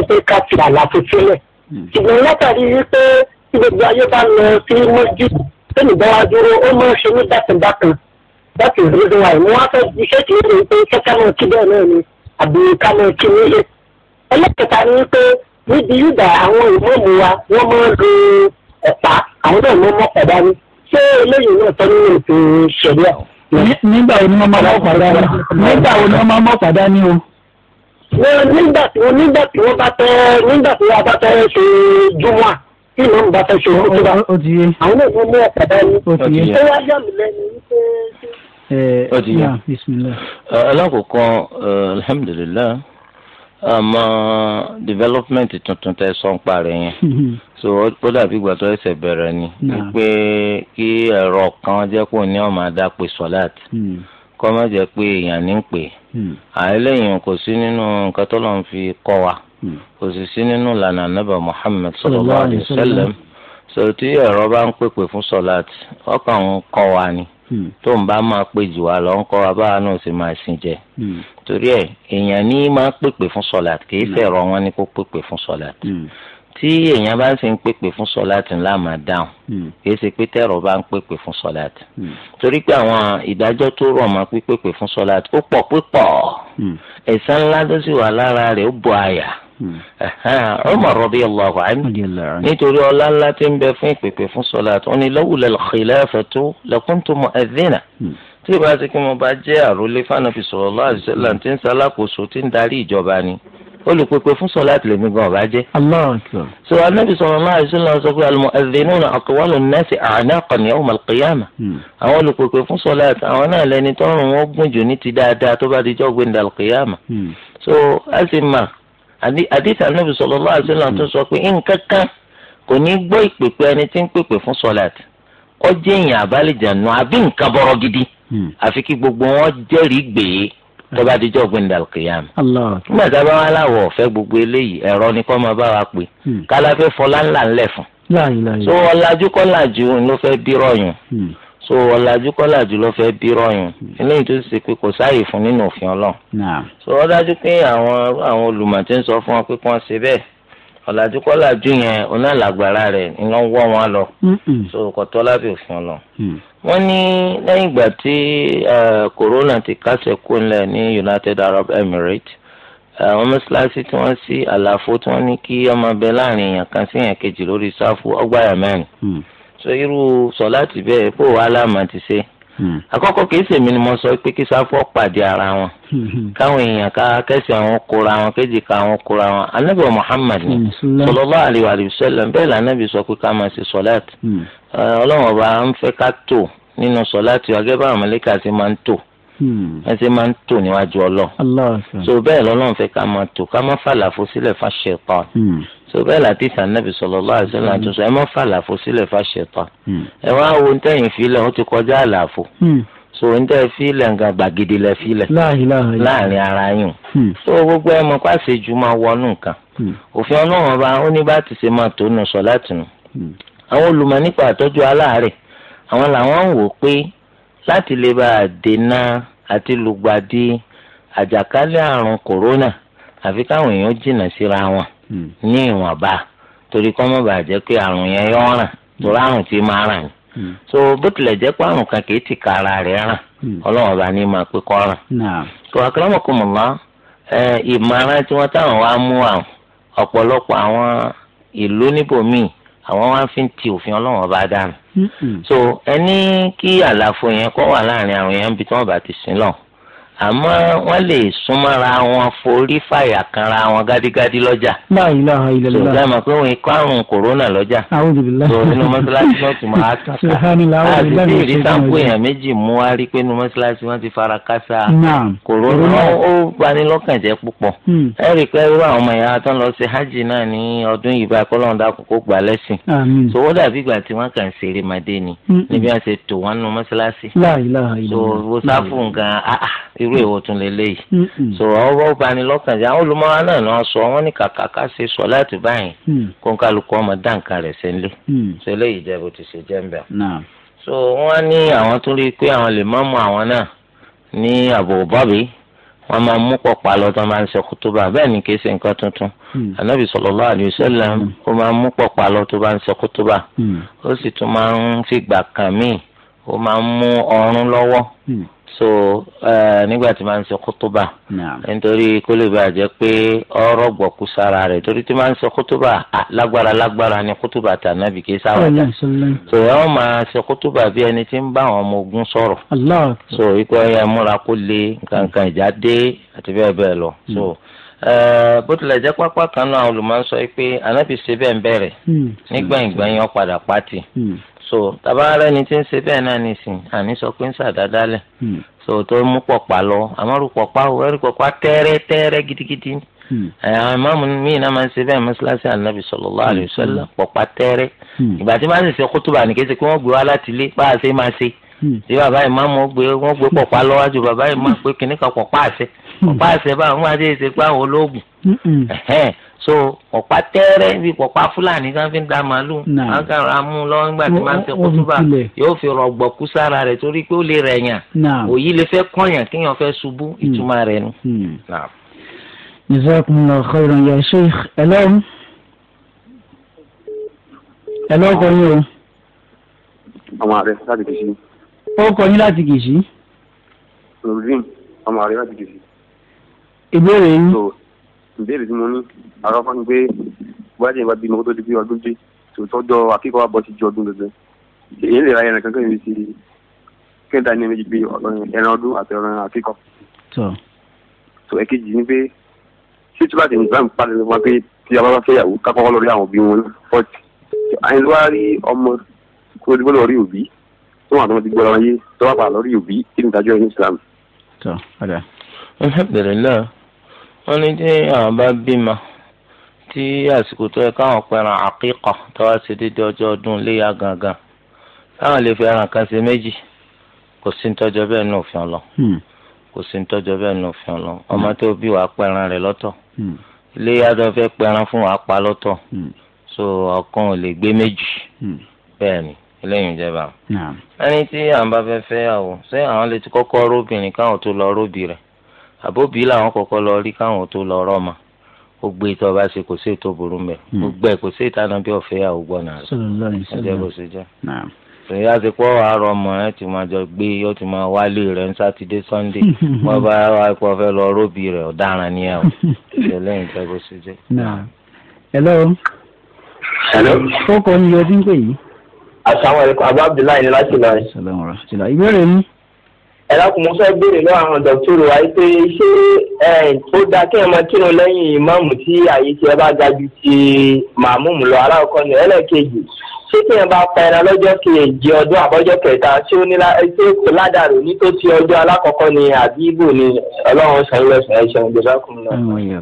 pé ká fi àlàfo sílẹ̀ hmm. ṣùgbọ́n látàrí wípé tí gbogbo ayé bá lọ sí mọ́jú tẹ́nìgbà wa dúró ó máa ń ṣe ní bákanbákan that is the reason why wọ́n fẹ́ iṣẹ́ tí ó pé kẹ́kẹ́ náà kí bẹ́ẹ̀ náà ni àbí ká náà kí nílé ẹlẹ́kẹta ni pé níbi yúdà àwọn ìmọ̀ọ́mù wa wọ́n máa ń lo ọ̀pá àwọn náà mọ́ mọ́ pàdá ni ṣé eléyìí náà tọ́ nínú ètò ìṣẹ̀lẹ̀ nígbà wo ni wọ́n máa mọ́ pàdá ni nígbà wo ni wọ́n máa mọ́ pàdá ni o. nígbà tí wọ́n nígbà tí wọ́n bá tẹ́ nígbà tí wọ́n bá tẹ́ ṣe júmọ́ tí ìmọ̀ ń bá tẹ́ ṣe òkúta àwọn náà mọ́ mọ́ pàdá ni ó wá yà mí lẹ́nu wípé Eh, ó ti yá eh, alákòókò eh, alhamdulilayi àmọ́ development tuntun tẹ sọ ń parẹ́ yẹn mm-hmm. so ó dàbí ìgbà tó ẹsẹ̀ bẹ̀rẹ̀ ni wípé kí ẹ̀rọ kan jẹ́ kó ní ọmọ adápe sọ́láàtì mm. kọ́ má jẹ́ pé èèyàn ní ń pè mm. àìlẹ́yìn kò sí nínú nǹkan tó lọ́n fi kọ́ wa mm. kò sì sí nínú ìlànà anábà Muhammad sallallahu alaihi wasallam so tí ẹ̀rọ bá ń pèpè fún sọ́láàtì ọkàn ń kọ́ wa ni. Hmm. tó ń bá máa pè jù wá lọ ń kọ́ abáwa náà sì máa sìn jẹ. Hmm. torí ẹ èèyàn ní máa pèpè fún sọlát kì í hmm. fẹ̀rọ wọn ni kó pèpè fún sọlát. tí èèyàn bá sì ń pèpè fún sọlát ńlá máa dáhùn kì í ṣe pé tẹ̀rọ bá ń pèpè fún sọlát. torí pé àwọn ìdájọ́ tó rọ̀ máa pípèpè fún sọlát ó pọ̀ pípọ̀ ẹ̀san ńlá tó sì wà lára rẹ̀ ó bọ àyà. Hmm. Umar radiyallahu anhu nítorí ọlá ńlá tí ń bẹ fún ìpèpè fún sọlá tó ní lawla al-khilafatu lakuntu mu'adhdhina hmm. tí ìbá ti kí mo bá jẹ́ àròlé fanabi sallallahu alaihi wasallam hmm. tí ń ṣalákòóso tí ń darí ìjọba ni olùpèpè fún sọlá tìlẹ̀ mi gan ọ̀bá jẹ́. so anabi sallallahu alaihi wasallam sọ pé al-mu'adhdhinuna aqwalu an-nasi àdìsí ànábì sallallahu alaihi wasallam tó sọ pé nǹkan kan kò ní gbọ́ ìpèpè ẹni tí ń pèpè fún sọláàtì ó jẹ́ èèyàn àbálẹ̀jànú àbí nǹkan bọ̀rọ̀ gidi hmm. àfi kí gbogbo wọn jẹ́rìí gbèé e tó bá dijọ́ ọ̀gbìn dàlùkìyàmù. nígbà tá a bá wà láwọ̀ ọ̀fẹ́ gbogbo eléyìí ẹ̀rọ ni kọ́ máa bá wa pè hmm. kálá fẹ́ fọlá ńlá ńlẹ̀ fún. tó ọ̀làjú kọ́làjú ló fẹ́ bí rọ̀yùn. Hmm so ọ̀làjú kọ́làjú ló fẹ́ bí rọ̀yìn eléyìí tó ṣe pé kò sáàyè fún nínú òfin ọlọ́run so ó dájú pé àwọn àwọn olùmọ̀tí ń sọ fún wọn pé kí wọ́n ṣe bẹ́ẹ̀ ọ̀làjú kọ́làjú yẹn onálágbára rẹ̀ ni wọ́ wọn lọ so kò tọ́ lábẹ́ òfin ọlọ́run mm. wọ́n ní lẹ́yìn ìgbà tí corona ti kásẹ̀ kó ńlẹ̀ ní United Arab Emirates àwọn mọ́ṣáláṣí tí wọ́n sí àlàfo tí wọ́n ní kí ọmọ bẹ láàrin èèyàn kan sí irú sọláàtì bẹ́ẹ̀ fò wá láàmà ti ṣe hmm. àkọ́kọ́ kìí ṣèmi ni mo sọ pé kí sáfọ pàdé ara wọn hmm. káwọn èèyàn ká kẹsì àwọn kóra wọn kéjì ká àwọn kóra wọn anabi muhammad ni sọlọlá àlewà àlewà sẹlẹm bẹ́ẹ̀ lànàbì sọ pé ká máa ṣe sọláàtì hmm. eh, ọlọ́run ọba ń fẹ́ ká tò nínú sọláàtì agẹbà àmàlẹkà ti máa ń tò ẹsẹ máa ń tò níwájú ọlọ so bẹ́ẹ̀ lọ́lọ́run fẹ́ ká máa tò ká má fàlàfo sílẹ̀ fáṣẹ pọn so bẹ́ẹ̀ láti tàn nàbì sallallahu alaihi wasallam àtúnṣe ẹ mọ́ fà àlàfo sílẹ̀ fàṣẹtọ hmm. ẹ wá wo ní tẹ̀yìn filẹ̀ ó ti kọjá àlàfo hmm. so ń tẹ́ filẹ̀ nǹkan gbàgede lẹ filẹ̀ láàrin ara yìí hmm. so gbogbo ẹ mọ̀ pàṣẹ ju máa wọnú nǹkan òfin ọlọ́run ọba ó ní bá ti ṣe máa tó nù sọ láti nù àwọn olùmọ̀ nípa àtọ́jú aláàárẹ̀ àwọn làwọn ń wò pé láti lè bá a dènà àti lùgbàdì àjàkálẹ̀ àrùn kòrónà àfi káwọn èèyàn jìnnà síra wọn Hmm. ní ìwọ̀nba torí kọ́ mọ̀ bàjẹ́ pé àrùn yẹn yọ̀ ràn hmm. torí àrùn tí máa ràn ni hmm. so bó tilẹ̀ jẹ́ pé àrùn kan kìí ti ka ara rẹ̀ ràn ọlọ́run ọba ní máa pé kọ́ ràn. tó akérèmọ̀kùnmọ̀lá ìmọ̀ràn tí wọ́n táwọn wá mú àwọn ọ̀pọ̀lọpọ̀ àwọn ìlú níbòmíì àwọn wá fi ń ti òfin ọlọ́run ọba dànù. so ẹni kí àlàfo yẹn kọ́ wà láàrin àwọn yẹn ń bi tí wọ́n bá ti sin lọ́hùn àmọ́ wọ́n lè súnmọ́ra wọn forí fàyà kanra wọn gádígádí lọ́jà. báyìí náà ilẹ̀ lọ́la. sọ̀rọ̀ àmọ́ pé òun ikọ́ àrùn kòrónà lọ́jà. àwọn olùdílé. sọ inú mọ́ṣáláṣí náà tún máa kàkà. sèhánilá wà ní ìlànà ìṣèjọba yìí. àti tí ìdísàpò èèyàn méjì mú wa rí pé inú mọ́ṣáláṣí wọn ti fara kásá. kòrónà ó bani lọ́kàn jẹ́ púpọ̀. Hmm. ẹ rí i pé irú àwọn ọmọ ìyá tó ń lọ sí hajj náà ní ọdún yìí so ó dàbí ìgbà tí irú èwo tún lélẹ́yìí. so àwọn bá bani lọ́kàn jẹ́ àwọn olùmọ̀ọ́ náà ni wọ́n sọ wọ́n ní kàkà ká ṣe sọ láti báyìí mm. kó ń kálukú ọmọ dá nǹkan rẹ̀ ṣe ń lé. so eléyìí jẹ́ bó ti ṣe jẹ́ ń bẹ̀. so wọ́n ní àwọn tún rí i pé àwọn lè má mú àwọn náà ní àbòbọ́bí wọ́n máa mú pọ̀pá lọ máa ń ṣe kútúbà bẹ́ẹ̀ ni kìí ṣe nǹkan tuntun anabi mm. sallallahu alaihi wasallam mm. ó máa mú pọ̀pá lọ tó bá ń ṣe kútúbà ó sì tún máa ń fìgbà kan míì ó máa ń mú ọrùn lọ́wọ́ hmm. so nígbà tí máa ń ṣe kótóbà nítorí kó lè bàa jẹ́ pé ọ̀rọ̀ gbọ̀kú sára rẹ̀ torí tí máa ń ṣe kótóbà lágbára lágbára ni kótóbà tànàbì kì í sáwàdà so ẹ ó máa ṣe kótóbà bí ẹni tí ń bá àwọn ọmọ ogun sọ̀rọ̀ so ikú ẹyẹ múra kó lè nǹkan ìjà dé àti bẹ́ẹ̀ bẹ́ẹ̀ lọ so hmm. bó tilẹ̀ jẹ́ pápá kan náà olùmọ̀ sọ pé ànábì ṣe bẹ́ẹ̀ bẹ̀rẹ̀ hmm. nígbà ìgbà yẹn padà pátì so tabaarẹ ni tí ń ṣe bẹ́ẹ̀ náà nìsín àní sọ pé ń ṣàdádálẹ̀ hmm. so tó mú pọ̀pá lọ àmọ́rù pọ̀pá o ẹ̀rù pọ̀pá tẹ́rẹ́ tẹ́rẹ́ gidigidi hmm. àwọn ìmáàmù míì náà máa ń ṣe bẹ́ẹ̀ mọ́ṣáláṣí ànábì sallallahu alaihi wasallam hmm. pọ̀pá tẹ́rẹ́ ìgbà tí máa ń ṣe kútùbà ní kété pé wọ́n gbé wá láti ilé bá a ṣe máa ṣe tí bàbá ìmáàmù gbé wọ́n gbé pọ̀pá bàbá ìmáàmù pé kìnnìkan pọ̀pá àṣẹ pọ̀pá àṣẹ báwọn máa dé ṣe pé àwọn olóògùn so ọ̀pá tẹ́rẹ́ bí ọ̀pá fúlàní tí wọ́n fi ń da màálù wọ́n kàn ra mú lọ́wọ́ nígbà tí wọ́n ti kú túbà yóò fi rọ̀gbọ̀ kú sára rẹ̀ torí pé ó lè rẹ̀ yàn òyì lè fẹ́ kọ́yàn kéèyàn fẹ́ ṣubú hmm. ìtumọ̀ rẹ̀ nu. Hmm. jazakumullahu khairan ya sheikh é hello kò ní o. ọmọ rẹ láti kìsì. ó kọ yín láti kìsì. rubin ọmọ rẹ láti kìsì. ìbéèrè yín ìbéèrè tí mo ní àwọn afọ́ ni pé bóyá tí ìwà bímọ kó tó di pé ọdún dé tòótọ́jọ́ akẹ́kọ̀ọ́ àbọ̀ ti ju ọdún gbogbo èyí lè ra ẹran kankan yìí sí kẹta ní méjì pé ẹran ọdún àti ẹran akẹ́kọ̀ọ́. tó ẹ̀kejì ni pé ṣé tí bá ti nígbà ń parí wọn pé tí a bá bá fẹ́yàwó kákọ́kọ́ lórí àwọn òbí wọn fọ́ọ̀tì àyìn wá rí ọmọ kó o ti gbọ́dọ̀ rí òbí tó wà tó wọn ti gbọ́dọ̀ wọn yé tó wà pà lórí òbí kí ni ìdájọ́ ẹ̀ ní Islam wọ́n ní tí àwọn bá bímọ tí àsìkò tó yẹ káwọn pẹran àkíkà tó wá sí dídí ọjọ́ ọdún léyà gangan táwọn lè fi ẹran kan sí méjì kò sí nítọ́jọ́ bẹ́ẹ̀ ní òfin ọlọ hmm. kò sí nítọ́jọ́ bẹ́ẹ̀ ní òfin ọlọ ọmọ hmm. tó bí wàá pẹran rẹ̀ lọ́tọ̀ hmm. léyà tó fẹ́ pẹran fún wàá pa lọ́tọ̀ so ọ̀kan ò lè gbé méjì bẹ́ẹ̀ ni eléyìí ń jẹba. ẹni tí àwọn bá fẹ́ fẹ́ àbóbí làwọn kọ́kọ́ lọ rí káwọn tó lọ rọ́ọ̀mà ó gbé e tó ọba ṣe kò sí ètò burú mẹ hmm. gbogbo ẹ kò sí ìtànà bí ọ̀fẹ́ yà ó gbọ́nà rẹ ẹjẹ kò sí jẹ́ sèyí àti pọ́ àárọ̀ ọmọ rẹ ti máa jọ gbé yóò ti máa wálé rẹ ní sátidé sọ́ndé <laughs> wọ́n bá wà pọ̀ lọ róbì rẹ ọ̀daràn ni ẹ̀ o ìṣẹ̀lẹ̀ ìjẹ́ kò sí jẹ́. hello. hello. ó kọ́ ni yọdún pé yìí. asalaamualeykum abu abdullahi ni láti lọ. ìbéèrè mi ẹ̀rọ mo fẹ́ béèrè lọ́wọ́ àwọn dọ̀tírò wa pé ṣé ó dáa kí ẹ máa kírun lẹ́yìn ìmáàmù tí àyè tí ẹ bá ga ju ti màmúùmù lọ aláwọ̀kọ́ ni ẹlẹ́ẹ̀kejì ṣé kí ẹ bá pa ẹran lọ́jọ́ kejì ọdún àbọ́jọ́ kẹta ṣé ó ní ṣé kò ládàrú ní tó ti ọjọ́ alákọ̀ọ́kọ́ ni àbí ni ọlọ́run san ilẹ̀ sàn ẹ̀ṣẹ̀ ìgbésàkùn náà.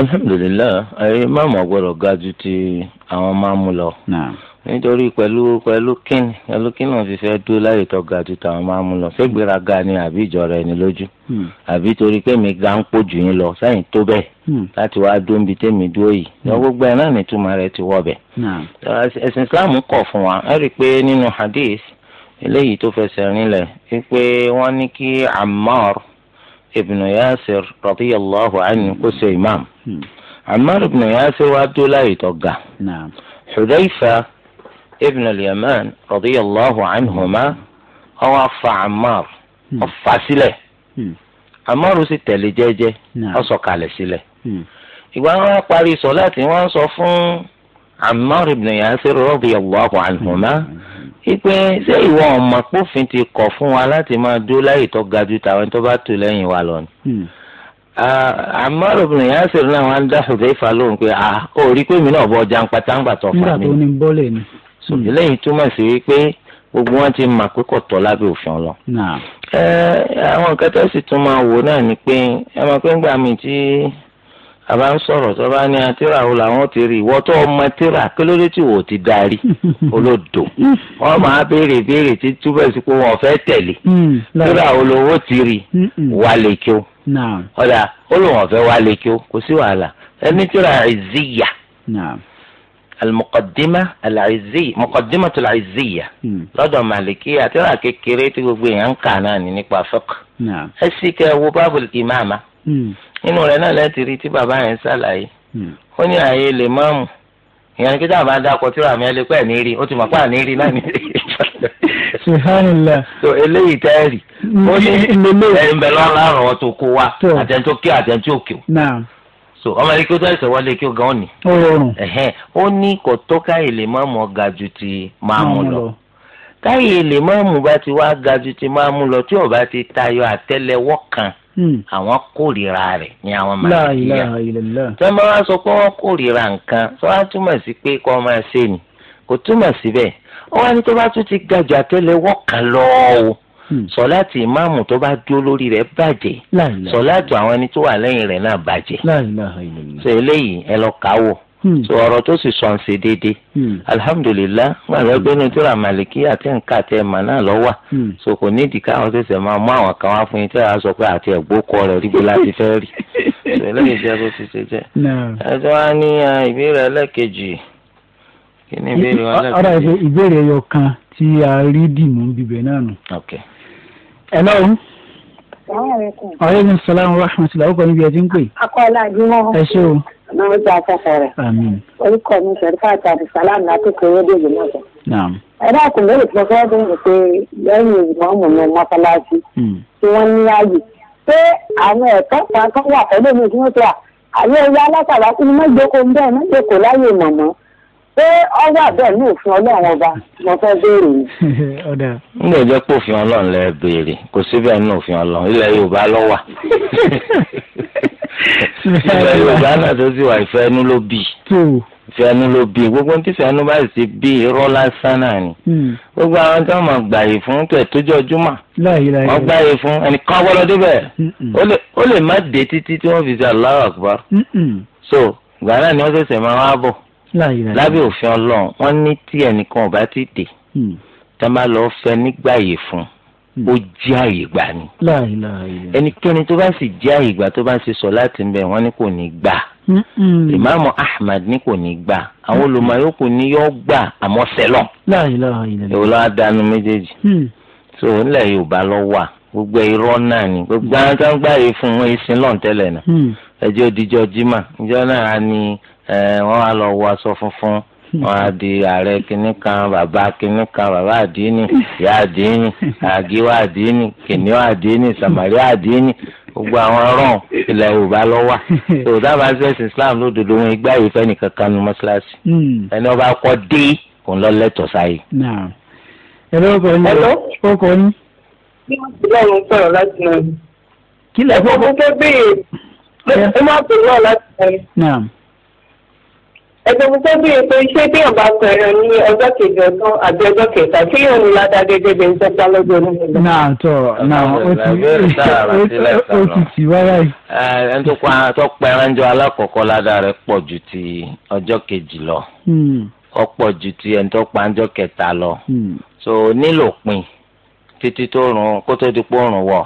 alhamdulilayi ayé máàmù ọgbọ́dọ̀ ga ju ti àwọn máàmù lọ. nítorí pẹ̀lú pẹ̀lú kíni pẹ̀lú kíni wọn fi fẹ́ dúró ga ti tàwọn máa mú lọ ṣégbéra ga ni àbí ìjọra ẹni lójú hmm. àbí torí pé mi ga ń pò jù yín lọ sẹ́yìn tó bẹ́ẹ̀ hmm. láti wá dúró níbi tẹ́mi dúró yìí lọ hmm. gbogbo ẹ̀ náà nítumọ̀ rẹ̀ ti wọ̀ bẹ̀. Islam kọ̀ fún rí i pé nínú hadith eléyìí tó fẹsẹ̀ ibn Yasir kó ṣe imam ibn Yasir wá dúró tó ga ibn al-yaman radiyallahu anhuma ọwọ́ afa amar ọ̀fà sílẹ̀ amar sì tẹ̀lé jẹ́jẹ́ ọ̀sọ̀kalẹ̀ sílẹ̀ ìgbà wọn parí sọ̀láàtì wọ́n sọ fún amar ibn yasir radiyallahu anhuma ipe ṣé ìwọ ọmọ pófin ti kọ̀ fún wa láti máa dúró láyè tó ga ju tàwọn tó bá tò lẹ́yìn wa lọ ni. Ammar ibn Yasir náà wọ́n á dá Hudhayfa lóhùn pé ó rí pé mi náà bọ́ jàǹpátá ń gbà tó fà mí. nígbà tó ní bọ́ọ̀lù ni so hmm. eléyìí túmọ̀ sí wípé gbogbo wọn ti mà pé kò tọ́ lábẹ́ òfin ọlọ. àwọn nǹkan tó sì tún máa wò náà ni pé ẹ máa pé ńgbà míì tí a bá ń sọ̀rọ̀ tó bá ní atíra o làwọn ti rí ìwọ́ tó ọmọ tíra kí ló dé tí wò ó ti darí <laughs> olódò wọ́n máa béèrè béèrè tí túbẹ̀ sí pé wọ́n fẹ́ tẹ̀lé hmm, tíra o lówó ti rí wà lẹ́kí o ọ̀dà ó lóun ọ̀fẹ́ wà lẹ́kí o kò sí wàhálà ẹni tíra ìzíyà. المقدمة العزية مقدمة العزية لدى مالكية ترى كيكيري تقول ينقع ناني نقبع فقه نعم أسيك هو باب الإمامة inú rẹ̀ náà lẹ́ẹ̀tì rí tí bàbá yẹn ṣàlàyé hmm. ó ní ààyè lè mọ́ọ̀mù ìyẹn ni kíjà máa dákọ̀ tí ràmí ẹlẹ́pẹ́ ní rí ó ti mọ̀ pé àní rí náà ní rí. <laughs> Subhanallah. so eléyìí tẹ́ ẹ̀ rí ó ní ẹ̀ ń bẹ lọ́rùn àrùn ọ̀tún kó wa àtẹ̀ntó kí àtẹ̀ntó kí o so ọmọ yìí kí ó tó ẹsẹ̀ wọlé kí ó gan ọ̀nì. ó ní kò tó káyè lè má mọ̀ ga ju ti máàmù lọ káyè lè má mú bá ti wá ga ju ti máàmù lọ tí ó bá ti tayọ àtẹ́lẹwọ́ kan hmm. àwọn kórìíra rẹ̀ ní àwọn màlìkíyà tí wọ́n bá sọ pé wọ́n kórìíra nǹkan tó wá túmọ̀ sí pé kọ́ máa ṣe ni kò túmọ̀ síbẹ̀ ó wá ní tó bá tún ti ga ju àtẹ́lẹwọ́ kan lọ o Hmm. sọláàtì ìmáàmù tó bá dúró lórí rẹ̀ bàjẹ́ sọláàtì àwọn ẹni tó wà lẹ́yìn rẹ̀ náà bàjẹ́ so eléyìí ẹ lọ kà á wò hmm. so ọ̀rọ̀ tó sì sọ ń ṣe déédéé hmm. alihamudulilayi wọn àgbẹ̀ gbẹ́nu tó ra màlìkí àti nǹka àti ẹ̀mà náà lọ́wọ́ so kò ní ìdí káwọn ṣẹ̀ṣẹ̀ máa mú àwọn kan wá fún yín tẹ́ ẹ sọ pé àti ẹ̀gbọ́kọ rẹ̀ rí bí láti fẹ́ rí so eléyìí jẹ́ kó ti ṣe jẹ́ ẹjọ́ wa ní ìbéèrè ẹlẹ́kejì kí ni ìbéèrè wa lẹ́kejì. ọ̀rọ̀ ìbéèrè ẹyọ kan tí a rí dìmú bíbẹ̀ náà nù hello. aleykum salaam wa rahmatulah ó kọ́ níbi ẹtí ń pè. akọ́lá jùmọ̀. ẹ ṣé o. náà jẹ́ afẹ́fẹ́ rẹ̀. àmín. orúkọ mi sẹ̀ríkà àti àbùsálàm láti kéré dèjì náà sọ. naam. ẹ dákun lórí tí mo fẹ́ bẹ̀rẹ̀ pé lẹ́yìn ìgbìmọ̀ ọmọ mi mọ́sálásí hmm. tí wọ́n ní ààyè pé àwọn ẹ̀kọ́ kan kan wà pẹ̀lú mi tí wọ́n ti wà àwọn ẹ̀yà alásàlá kú ni mọ́jókòó ń bẹ́ẹ̀ mọ́jókòó láyè mọ̀mọ́ ṣé ọwọ́ àbẹ̀ ní òfin ọlọ́run ọba mo fẹ́ béèrè ni. nígbà <laughs> ìjọ pé òfin ọlọ́run lẹ béèrè kò síbẹ̀ nínú òfin ọlọ́run ilẹ̀ yorùbá ló wà <laughs> ilẹ̀ yorùbá náà tó sì wà ìfẹ́ ló bì ìfẹ́ ẹnu ló bì gbogbo tí ìfẹ́ bá sì bí irọ́ lásán náà ni hmm. gbogbo àwọn tí wọ́n máa gbàyè fún tẹ̀ tójú ọjúmọ̀ wọ́n gbàyè fún ẹnìkan gbọ́dọ̀ débẹ̀ hmm, hmm. ó lè má dé títí tí wọ́n fi ṣe Allahu Akbar so ìgbà ni wọ́n ṣẹ̀ṣẹ̀ máa wá bọ̀ lábẹ́ òfin ọlọ́run wọ́n ní tí ẹnìkan ọba ti dé hmm. tá a máa lọ fẹ́ nígbàyè fún hmm. ó jẹ́ àyè gbà ni ẹnikẹ́ni tó bá sì jẹ́ àyè gbà tó bá ṣe sọ láti ń bẹ̀ wọ́n ní kò ní gbà hmm, ìmáàmù Ahmad ní kò ní gbà àwọn olùmọ̀ yòókù ní yọ́ gbà àmọ́ sẹ́lọ̀ èwo lọ́wọ́ dánú méjèèjì so ńlẹ̀ Yorùbá lọ wà gbogbo irọ́ náà ni gbogbo àwọn tó ń gbàyè fún wọn ìsìn lọ́ntẹ́lẹ̀ náà ẹjọ́ òdìjọ́ jimá ìjọ náà ni wọ́n á lọ wọ aṣọ funfun wọ́n á di ààrẹ kínní kan bàbá kínní kan bàbá àdínì ìyá àdínì àgíwá àdínì kìnìún àdínì sàmàrí àdínì gbogbo àwọn ọ̀ràn ilẹ̀ yorùbá lọ wà tó dábàá sẹ́sìn islam lódodo wọn igbá yìí fẹ́ni kankan nu mọ́ṣáláṣí hmm. ẹni ọba kọ́ dé òun lọ lẹ́tọ̀ọ́ sáyé. ẹ ló kọ ní ó kọ ní. bí wọ́n ti lọ́run sọ̀rọ̀ láti náà. kí lẹ́kọ̀ọ́ kó tó béèrè ẹ má pè náà láti náà ẹ̀jẹ̀ mi tó béèrè pé ṣé bí ọba pẹ̀rẹ̀ ní ọjọ́ kejì ọdún àbí ọjọ́ kẹta kí yóò ní ládàá gẹ́gẹ́ bí ẹni tó pa lọ́jọ́ oníṣẹ́. náà tọ náà ó ti ó ti tì wáyà yìí. ẹni tó pa tó pẹran jọ alákọ̀ọ́kọ́ ládàá rẹ̀ pọ̀ ju ti ọjọ́ kejì lọ hmm. ó pọ̀ ju ti ẹni tó pa ọjọ́ kẹta lọ hmm. so nílò pin títí tó rùn kó tó di pé òrùn wọ̀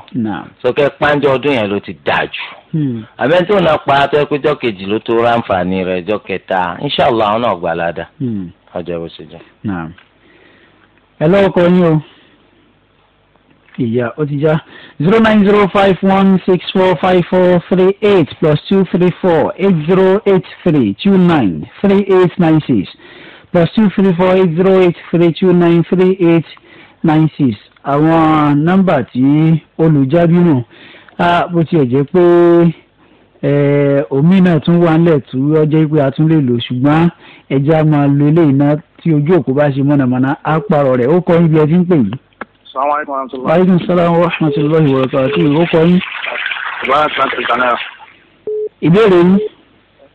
sọkẹ́ pàǹjọ́ ọdún yẹn ló ti dà jù hmm. àbẹ́ tó náà pa tó pé jọ́ kejì ló tó ráǹfààní rẹ̀ jọ́ kẹta inṣàlá àwọn náà gbà ládà hmm. ọjọ́ bó ṣe jẹ́. ẹ lọ́wọ́ yín o ìyá ó ti já zero nine zero five one six four five four three eight plus two three four eight zero eight three two nine three eight nine six plus two three four eight zero eight three two nine three eight nine six àwọn nọ́mbà tí olùjábí mọ̀ bó tiẹ̀ jẹ́ pé omi náà tún wà nílẹ̀ tí ó jẹ́ pé a tún lè lò ṣùgbọ́n ẹja máa lo eléyìí náà tí ojú òkú bá ṣe mọ̀nàmọ́ná á parọ̀ rẹ̀ ó kọ́ ibi ẹ ti ń pè yìí. aleykum salaam wa rahmatulahi wa barakatuh ó kọ́ yín. ìbéèrè yín.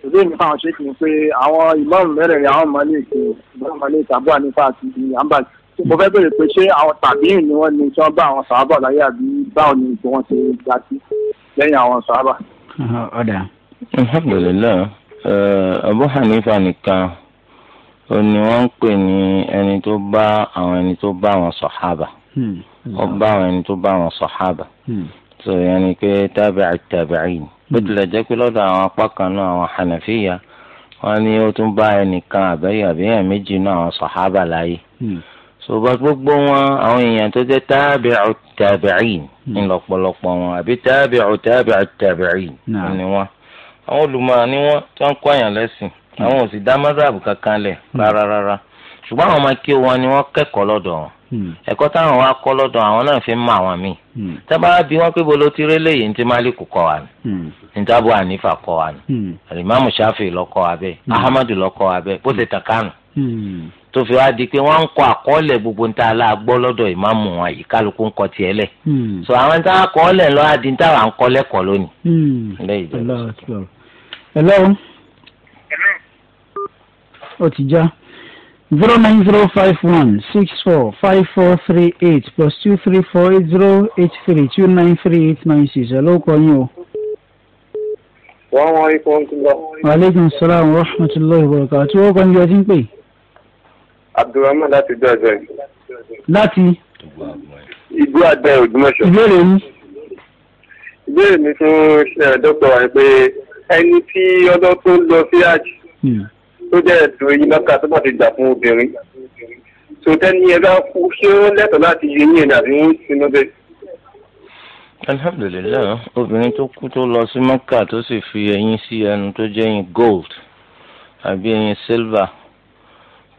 ìbéèrè mi fáwọn ṣe kì í pé àwọn ìmọ̀ọ́mù mẹ́rẹ̀ẹ̀rin àwọn mọ̀lẹ́kì ìmọ̀ọ́mù mọ̀lẹ́kì àbúrò ànífà àti àmbàjì mo fẹ́ bèrè pé ṣé àwọn tàbí ni wọ́n ní tí wọ́n bá àwọn sàábà láyé àbí báwo ni tí wọ́n ti gba sí lẹ́yìn àwọn sàábà. ọ̀dà. alhamdulillah abu hanifa nìkan ó ní wọ́n ń pè ní ẹni tó bá àwọn ẹni tó bá àwọn sàhábà hmm. ó bá àwọn ẹni tó bá àwọn sàhábà hmm. so yẹn ni pé tábìà tábììn bó hmm. tilẹ̀ jẹ́ pé lọ́dọ̀ àwọn apá kan náà àwọn hànàfíyà wọ́n ní ó tún bá ẹnìkan àbẹ́yẹ̀ àbẹ́yẹ̀ méjì náà àwọn sàhábà láyé. ṣùgbọ́n gbogbo wọn àwọn èèyàn tó jẹ́ tábì'ù tábì'ìn ní hmm. lọ́pọ̀lọpọ̀ wọn àbí tábì'ù tábì'ù tábì'ìn ni wọn. àwọn olùmọ̀ràn ni wọ́n tó ń kọ́ àyàn lẹ́sìn hmm. àwọn ò sì dá mọ́sáàbù kankan lẹ̀ hmm. ṣùgbọ́n àwọn ọmọ kí wọn ni wọ́n kẹ́kọ̀ọ́ lọ́dọ̀ wọn ẹ̀kọ́ táwọn wa kọ́ lọ́dọ̀ àwọn náà fi ń mọ àwọn míì tábà bí wọ́n pé bolo ti ní ti kọ́ wa ni ní tábù ànífà kọ́ wa ni lọ́kọ́ tó fi wá di pé wọ́n ń kọ àkọọ́lẹ̀ gbogbo níta aláàgbọ́ lọ́dọ̀ ìmáàmù wọn yìí kálukú ń kọ tiẹ̀ lẹ̀. Hmm. so àwọn tá a kọ́ ọ́lẹ̀ lọ́wọ́ adi ní táwa ń kọ́ lẹ́kọ̀ọ́ lónìí. Hmm. hello ó ti já zero nine zero five one six four five four three eight plus two three four eight zero eight three two nine three eight nine six hello ló kọ́ yín o. wàhálà ikú ń tún lọ. wàhálà ikú ń rahmatulahi wa barakatuh tí kọ́ ń yọ ọtí ń pè abdulrahman láti ìjọ àgbẹ̀. láti. ìgbó àgbẹ̀ ògbómọ̀ṣọ́. ìbéèrè mi. ìbéèrè mi fún dókítà wa ni pé ẹni tí ọdún tó ń lọ sí àjì hmm. tó jẹ́ ẹ̀dùn eyín lọ́kà tó bá ti gbà fún obìnrin sòtẹ́ni ẹ bá kú ṣé ó lẹ́tọ̀ọ́ láti yẹ yín ẹ̀dà ní sinú bẹ́ẹ̀. alhamdulilayi obìnrin tó kú tó lọ sí mọ́kà tó sì fi ẹyin sí ẹnu tó jẹ́ ẹyin gold àbí ẹyin silver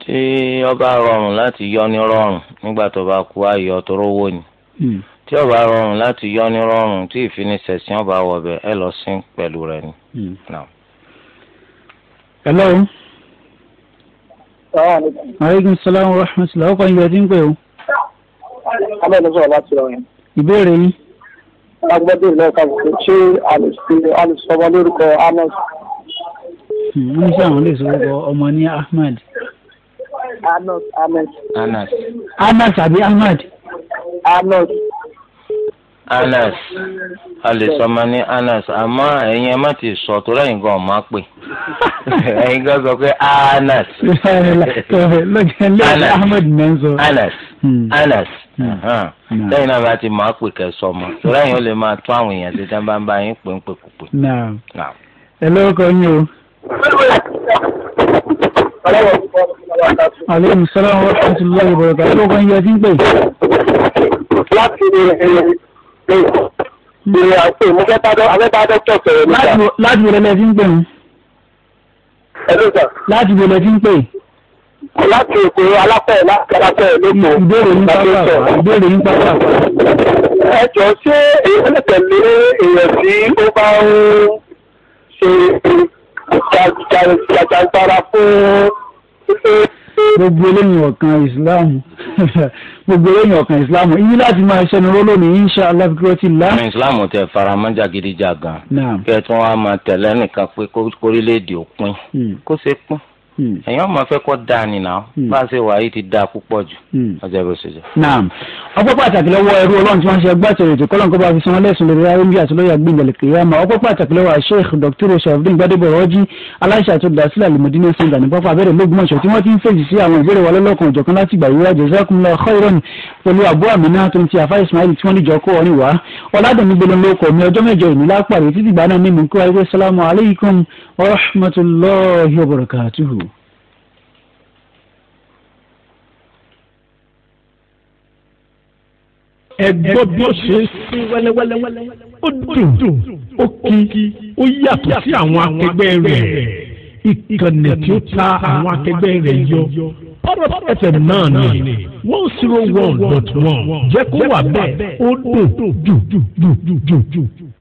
tí ọba rọrùn láti yọ ní rọrùn nígbà tó bá kú ayọ̀ tó rówó ni hmm. tí ọba rọrùn láti yọ ní rọrùn tí ìfinisẹ̀sìn ọba wọ̀bẹ ẹ lọ sí pẹ̀lú rẹ ni. Hmm. hello. aleykum salaam wa rahmatulah ọkọ ìyá ti ń pè o. abẹ́ ló sọ̀rọ̀ láti ọ̀rẹ́. ìbéèrè yín. agbẹ́dẹ́ ìlú ọ̀ka kò ṣe alùsọ̀bọ lórúkọ ahmed. Hmm, wọ́n ní sọ àwọn lè sọ ọmọ ní ahmed. Anas. Anas. Anas. Anas àbí Ahmad. Anas. Anas a lè sọ ma ní Anas àmọ́ ẹ̀yin ẹ má ti sọ tó lẹ́yìn gan ọmọ pè <laughs> ẹ̀yin gan sọ pé Anas Anas hmm. Anas hmm. Hmm. lẹ́yìn náà bá ti máa pè kẹsọ mọ tó lẹ́yìn ó lè máa tó àwọn èèyàn tí dáńbá ń bá yín pè ń pè kúpè. ẹ lórúkọ yín o aleykum salaam wa rahmatulahi wa barakatuh ló kàn yẹ sí pé. láti ìrìn eh, eh, àpè mo fẹ́ bá dọ́kítọ̀ sọ̀rọ̀ níta. láti wọlé lẹ́sìn pé ń. láti wọlé lẹ́sìn pé láti èkó alápẹ̀ láti alápẹ̀ lóko. ìbéèrè yín pàápàá ìbéèrè yín pàápàá. ẹ jọ ṣé èèyàn lè tẹ̀lé èèyàn tí ó bá ń ṣe jàjàgbara fún. gbogbo eléyìí ọ̀kan islam <laughs> gbogbo eléyìí ọ̀kan islam yín láti máa ṣẹnu lólónìí insha allah fi kúrò tí la. ọmọ islam tẹ faramọ́ jàgídíjàgan kí ẹ tún wá máa tẹ̀lé nìkan pé kórílẹ̀-èdè òpin hmm. kó ṣe pín èèyàn hmm. máa fẹ́ kọ́ da ni náà hmm. bá a ṣe wà yìí ti da púpọ̀ jù ọjọ́ hmm. bó ṣe jẹ́. naam ọpẹ́ pàtàkì lọ́wọ́ ẹrú ọlọ́run tí wọ́n ṣe ẹgbẹ́ àtẹ̀rẹ̀ ètò kọ́lọ́n kó bá fi san ọlẹ́sùn lórí ayé bí àti lórí àgbéǹdẹ̀lẹ̀ kìyàmà ọpẹ́ pàtàkì lọ́wọ́ sheikh dr sharafdin gbadebo rọ́jí aláṣẹ àti olùdásílẹ̀ alimọ̀dínà senda ní pápá abẹ́rẹ́ lógúnmọ̀ṣọ́ tí wọ́n ti ń fèsì sí àwọn ìbéèrè wa lọ́lọ́kan òjọ̀kan láti gbà wíwá jazakumullahu khairan pẹ̀lú àbú àmìnà tó ń ti àfá ismail tí wọ́n níjọ kó ọ níwá ọ̀làdàmí gbẹlẹ́lọ́kọ̀ mi ọjọ́ mẹ́jọ ìní salamu alaykum wa rahmatulahi wa ẹgbọ́ bí ó ṣe ń sí wẹ́lẹ́wẹ́lẹ́ ó dùn ó kí ó yàtọ̀ sí àwọn akẹgbẹ́ rẹ̀ ìkànnì tí ó ta àwọn akẹgbẹ́ rẹ̀ yọ ọ̀rọ̀ fm náà ni one zero one dot one jẹ́ kó wà bẹ́ẹ̀ ó dùn dùn dùn dùn dùn.